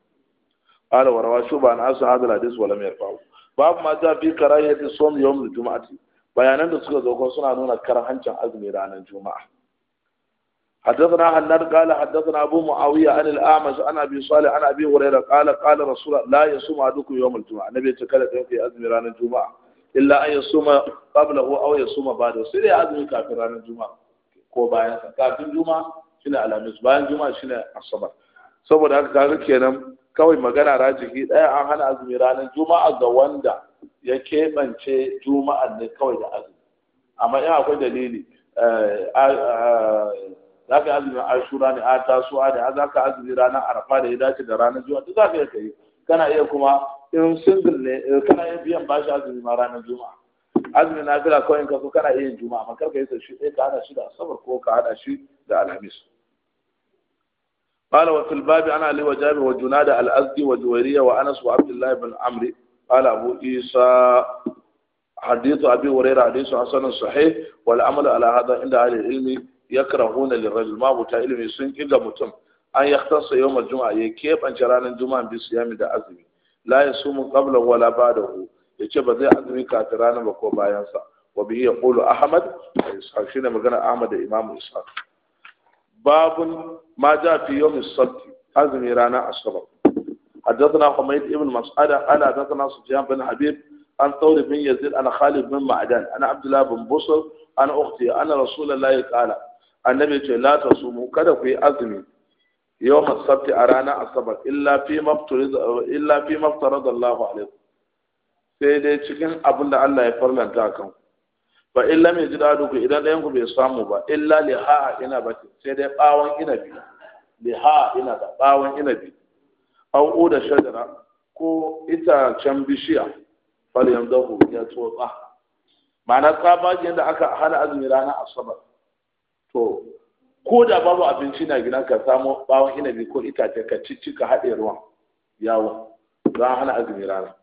qala wa rawa shuba an asu hadal hadis wa lam yarfa'u babu ma za fi karahiyati sawm yawm juma'ati bayanan da suka zo ko suna nuna karhancin azumi ranar juma'a حدثنا هنر قال حدثنا ابو معاويه عن الاعمش عن ابي صالح عن ابي هريره قال قال رسول الله لا يصوم احدكم يوم الجمعه النبي تكلم في ازمران الجمعه illa an yasuma qablahu aw yasuma ba'da sai ne azumi kafin ranar juma'a ko bayan sa kafin juma'a shine alhamis bayan juma'a shine asabar saboda haka kaga kenan kawai magana rajihi daya an hana azumi ranar juma'a ga wanda ya keɓance juma'a ne kawai da azumi amma in akwai dalili eh, za ka azumi ashura ne a tasuwa ne za ka azumi ranar arafa da ya dace da ranar juma'a duk za ka iya kana iya kuma in single ne kana yin biyan bashi azumi ma ranar juma'a azumi na fila kawai in kaso kana iya yin juma'a amma karka yi sa shi ɗaya ka hada shi da asabar ko ka hada shi da alhamis قال وفي الباب عن علي وجابر وجناد الأزدي وجويرية وأنس وعبد الله بن عمرو قال أبو عيسى حديث أبي هريرة حديث حسن صحيح والعمل على هذا عند أهل العلم يكرهون للرجل ما بتا علم يسن إلا متم أن يختص يوم الجمعة يكيب أن جران الجمعة بصيام دا أزمي laye su mu kabla wala ba da hu ya ce ba zai azumi kafin rana ba ko bayan sa wa bihi yaqulu ahmad shi ne maganar ahmad da imamu isa babun ma ja fi yawmi sabti azumi rana asaba hadathana humayd ibn mas'ada ana hadathana sufyan bin habib an tawri bin yazid ana khalid bin ma'dan ana abdullah bin busr ana ukhti ana rasulullahi ta'ala annabi ya ce la tasumu kada ku yi azumi yawm as-sabt a ranar asabar illa fi mafturid illa fi maftarad Allah alaikum sai dai cikin abin da Allah ya farlanta kan Ba illa mai ji dadu ku idan ɗayan ku bai samu ba illa liha ina ba sai dai bawon inabi liha ina da bawon inabi au da shajara ko itacen bishiya fal yamdahu ya tsotsa Mana tsabaji yadda aka hana azumi ranar asabar to ko da babu abinci na gida ka samu bawon inabi ko itace ka cicci ka haɗe ruwan Yawa, za a hana azumi rana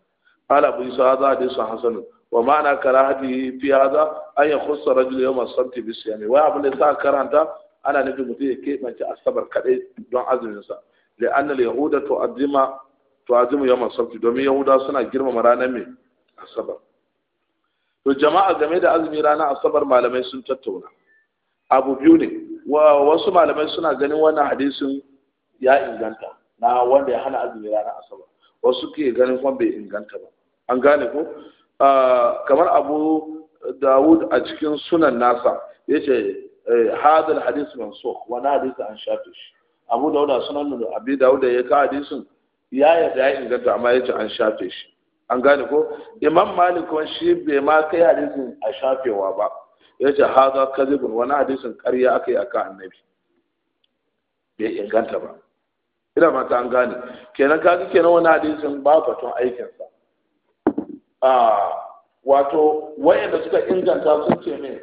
قال أبو يوسف هذا حديث حسن ومعنى كراهته في هذا أن يخص الرجل يوم السبت بالصيام وأبو لسا كرهنتا أنا نبي متي كيف من الصبر كذي دون عزم الإنسان لأن اليهود تعظم تعظم يوم السبت دوم يهودا سنة جرم مرانا من الصبر to jama'a game da azumi rana asabar malamai sun tattauna abu biyu ne wa wasu malamai suna ganin wannan hadisin ya inganta na wanda ya hana azumi ranar asabar wasu ke ganin kuma bai inganta ba an gane ko ah, kamar abu dawud a cikin sunan nasa ya ce eh, hadal hadis mansukh wani hadisi an shafe shi abu dawud a sunan abu dawud ya ka hadisin ya yarda ya inganta amma ya ce an shafe shi an gane ko imam malik kuma shi bai ma kai hadisin a shafewa ba ya ce haza kazibun wani hadisin ƙarya aka yi a kan annabi bai inganta ba ina mata an gane kenan kaga kenan wani hadisin ba batun aikinsa wato wayanda suka inganta sun ce ne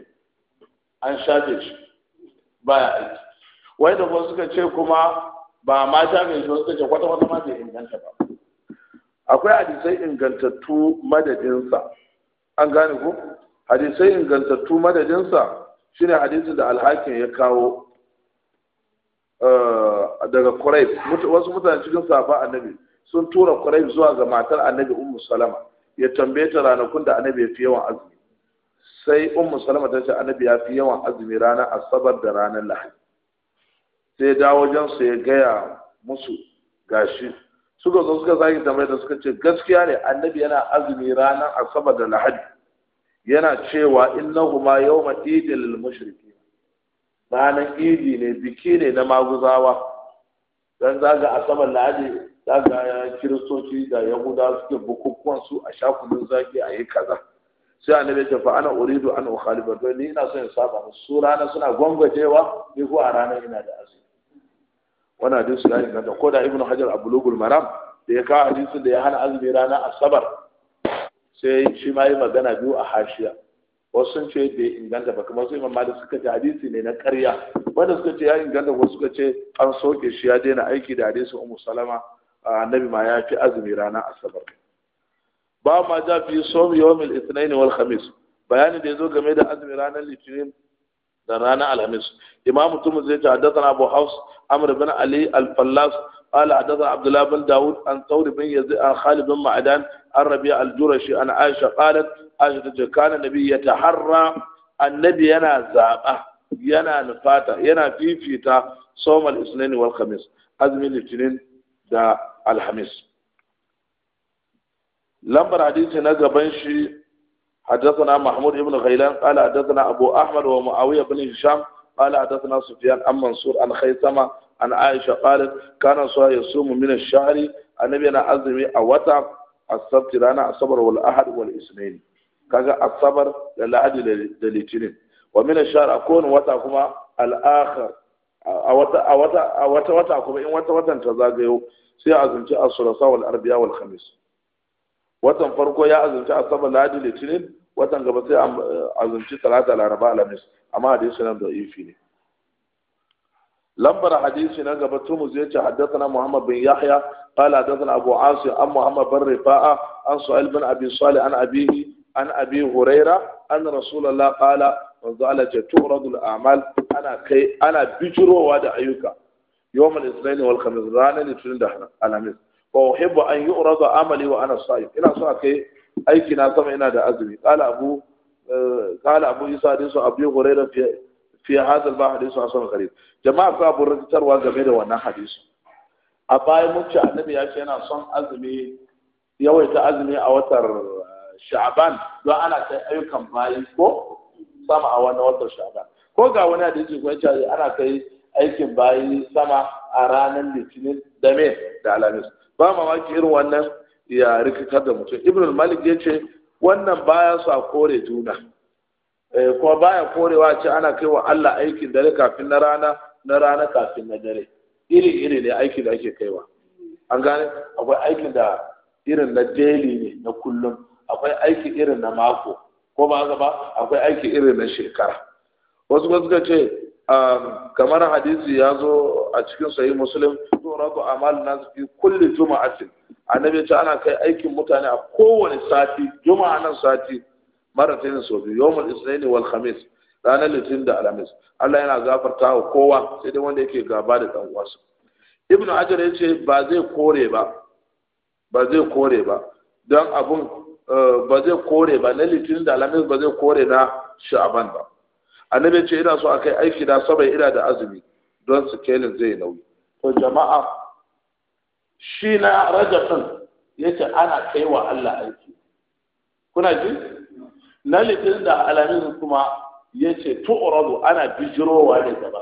an shafe shi baya aiki wayanda kuma suka ce kuma ba ma shafe shi suka ce kwata-kwata ma bai inganta ba akwai hadisai ingantattu madadinsa an gane ko hadisai ingantattu madadinsa shine hadisi da alhakin ya kawo eh, daga kuraif wasu mutane cikin safa annabi sun tura kuraif zuwa ga matar annabi Ummu Salama ya tambaye ta ranakun da annabi ya fi yawan azumi sai Ummu Salama ta ce annabi ya fi yawan azumi ranar Asabar da ranar Lahadi sai dawo wajensu ya gaya musu gashi suka zo suka zagi tambayar da suka ce gaskiya ne annabi yana azumi ranar Asabar da Lahadi yana cewa innahuma yawma idil mushriki bana idi ne biki ne na maguzawa dan zaga asabar lahadi zaga kiristoci da yahuda suke bukukkuwan su a shakunan zaki a yi kaza sai annabi ya fa ana uridu an ukhalifa to ni ina son in saba musu su rana suna gwangwajewa ni ko a ranar ina da azu wannan hadisi ya inganta ko da ibnu hajar abulugul maram da ya kawo hadisin da ya hana azumi rana asabar sai shi ma yi magana biyu a hashiya wasu sun ce bai inganta ba kamar su imam malik suka ce hadisi ne na karya wanda suka ce ya inganta wasu suka ce an soke shi ya daina aiki da hadisi ummu salama annabi ma ya fi azumi rana asabar ba ma ja fi somi yawmil ithnain wal khamis bayanin da yazo game da azumi ranar litinin da ranar alhamis imam mutum zai ta haddathana abu haus amr bin ali al قال حدثنا عبد الله بن داود عن ثور بن يزيد عن خالد بن معدان عن ربيع الجرشي عن عائشة قالت عائشة كان النبي يتحرى النبي ينا زابه ينا نفاته ينا فيفيتا صوم الاثنين والخميس أزم الاثنين دا الخميس لما الحديث نقبن بنشي حدثنا محمود بن غيلان قال حدثنا أبو أحمد ومعاوية بن هشام قال حدثنا سفيان عن منصور عن خيثمة an aisha qalat kana so ya sumu min ash-shahri annabi yana azumi a wata asabt rana asabar wal ahad kaga asabar da lahadi da litinin wa min ash-shahr akun wata kuma al a wata a wata kuma in wata watan ta zagayo sai azumci as-sulasa wal arbi'a khamis watan farko ya asabar litinin watan gaba sai laraba alhamis amma nan ne lambar hadisi na gaba tumus ya ce haddathana muhammad bin yahya qala haddathana abu asim an muhammad bin rifa'a an su'al bin abi salih an abihi an abi huraira an rasulullah qala manzo Allah ce turadul a'mal ana kai ana bijirowa da ayyuka yawmal isra'il wal ranar litinin da alhamis wa uhibbu an yu'rada amali wa ana sa'im ina so kai aiki na sama ina da azumi qala abu eh, isa fi hadal ba hadisu asan gharib jama'a kuma abun rikitarwa game da wannan hadisu a bayan mun ce annabi ya ce yana son azumi yawaita azumi a watar eh, sha'ban don ana kai ayyukan bayi ko sama a wannan watar sha'ban ko ga wani hadisi ko yace ana kai aikin bayi sama a ranar litinin da me da alamis ba mamaki irin wannan ya rikitar da mutum ibn malik ya ce wannan baya su a kore juna Eh, kuma baya korewa ce ana kai wa Allah aikin dare kafin na rana na rana kafin na dare iri iri ne aikin da ake kaiwa an gane akwai aikin da irin na daily ne na kullum akwai aiki irin na mako ko ba ba akwai aiki irin na shekara wasu ba suka ce um, kamar hadisi ya zo a cikin sahih muslim to rabu amal nas fi kulli juma'atin annabi ce ana kai aikin mutane a kowane sati juma'a nan sati maratayn so biyu yawmul isnain wal khamis ranar litinin da alhamis Allah yana gafarta wa kowa sai dai wanda yake gaba da dan uwansa ibnu ya yace ba zai kore ba ba zai kore ba don abun eh, ba zai kore ba na litinin da alhamis ba zai kore na sha'aban ba annabi ce ina so akai aiki da sabai ina da azumi don sikelin zai nauyi to jama'a shi na rajafin yace ana kaiwa Allah aiki kuna ji na litin da alamin kuma ya ce tu'radu ana bijirowa ne gaba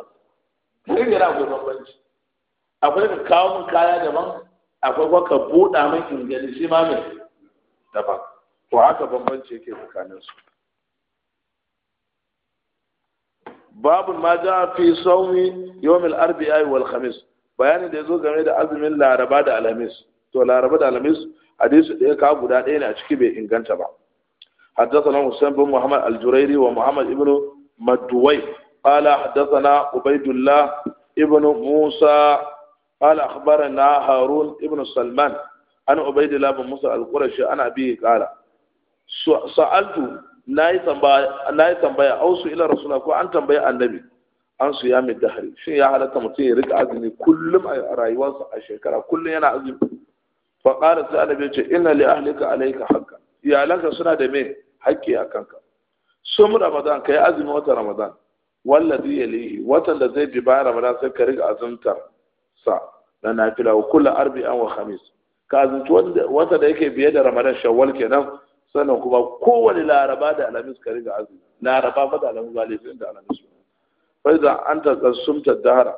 kai yana akwai bambanci akwai ka kawo min kaya daban akwai kuma ka buɗa min ingani shi ma mai daban to haka bambanci yake tsakanin su babu ma ja fi sawmi yawmil arbi'a wal khamis bayanin da yazo game da azumin laraba da alhamis to laraba da alhamis hadisi da ka kawo guda ɗaya ne a ciki bai inganta ba حدثنا حسين بن محمد الجريري ومحمد ابن مدوي قال حدثنا عبيد الله ابن موسى قال أخبرنا هارون ابن سلمان أنا عبيد الله بن موسى القرشي أنا أبيه قال سألت na yi tambaya ausu ila rasula ko an tambayi annabi an su ya mai dahari shin ya halatta mutum ya rika azumi kullum a rayuwarsa a shekara kullum yana azumi fa qala sai annabi ce inna li ahlika alayka haqq iyalanka suna da me haƙƙi a kanka sum ramadan yi azumin watan ramadan wallazi lihi watan da zai bi bayan ramadan sai ka riga azumtar sa na nafila wa kullu an wa khamis ka azumci wata da yake biye da ramadan shawwal kenan sannan kuma kowane laraba da alamis ka riga azumi laraba fa da alamis ba laifin da alamis fa idan anta qasumta dahara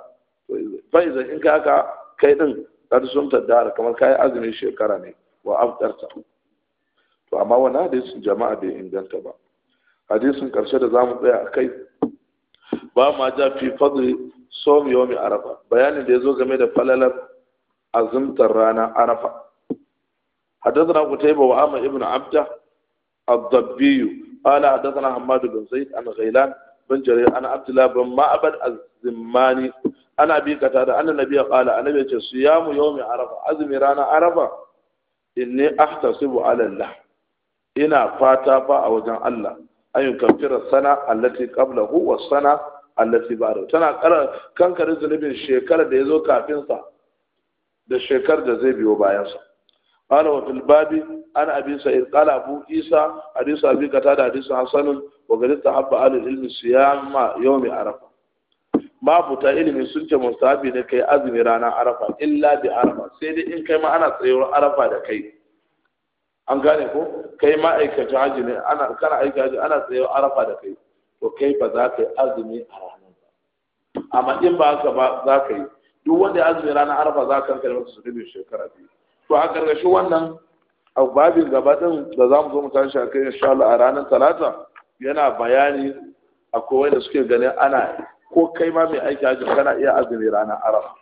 fa idan in ka ka kai din qasumta dahara kamar kai azumin shekara ne wa aftarta to amma wani hadisin jama'a bai inganta ba hadisin karshe da zamu tsaya a kai ba ma ja fi fadli som yomi arafa bayanin da ya zo game da falalar azumtar rana arafa حدثنا قتيبة وعامر ابن عبده الضبي قال حدثنا حماد بن زيد عن غيلان بن جرير عن عبد الله بن معبد الزماني عن ابي قتاده ان النبي قال انا بيت صيام يوم عرفه عزم رانا عرفه اني احتسب على الله ina fata fa a wajen Allah ayun kafira sana allati qablahu wa sana allati ba'da tana kankare zunubin shekarar da yazo kafin sa da shekarar da zai biyo bayan sa ana وفي الباب عن ابي سعيد قال ابو عيسى da ابي قتاده حديث حسن وقد استحب اهل العلم الصيام يوم عرفه ilimi sun ce mustahabi ne kai azumi ranar arafa illa bi arafa sai dai in kai ma ana tsayuwar arafa da kai an gane ko kai ma'aikacin haji ne ana kana aiki haji ana tsaye arafa da kai to kai ba za ka yi azumi a ranar ba amma in ba haka ba za ka yi duk wanda ya azumi ranar arafa za ka kankare masa zunubi shekara biyu to a ƙarƙashin wannan a babin gaba din da za mu zo mu tashi a kai insha Allah a ranar talata yana bayani akwai wanda suke ganin ana ko kai ma mai aiki haji kana iya azumi ranar arafa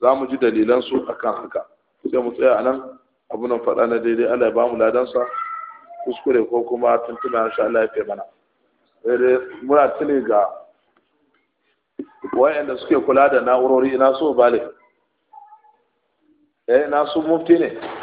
za mu ji dalilan su akan haka sai mu tsaya a nan abunan faɗa na daidai Allah ya ba mu ladansa kuskure ko kuma tuntuna shi Allah ya fi mana daidai muna tuni ga wayanda suke kula da na'urori ina so bale eh na su mufti ne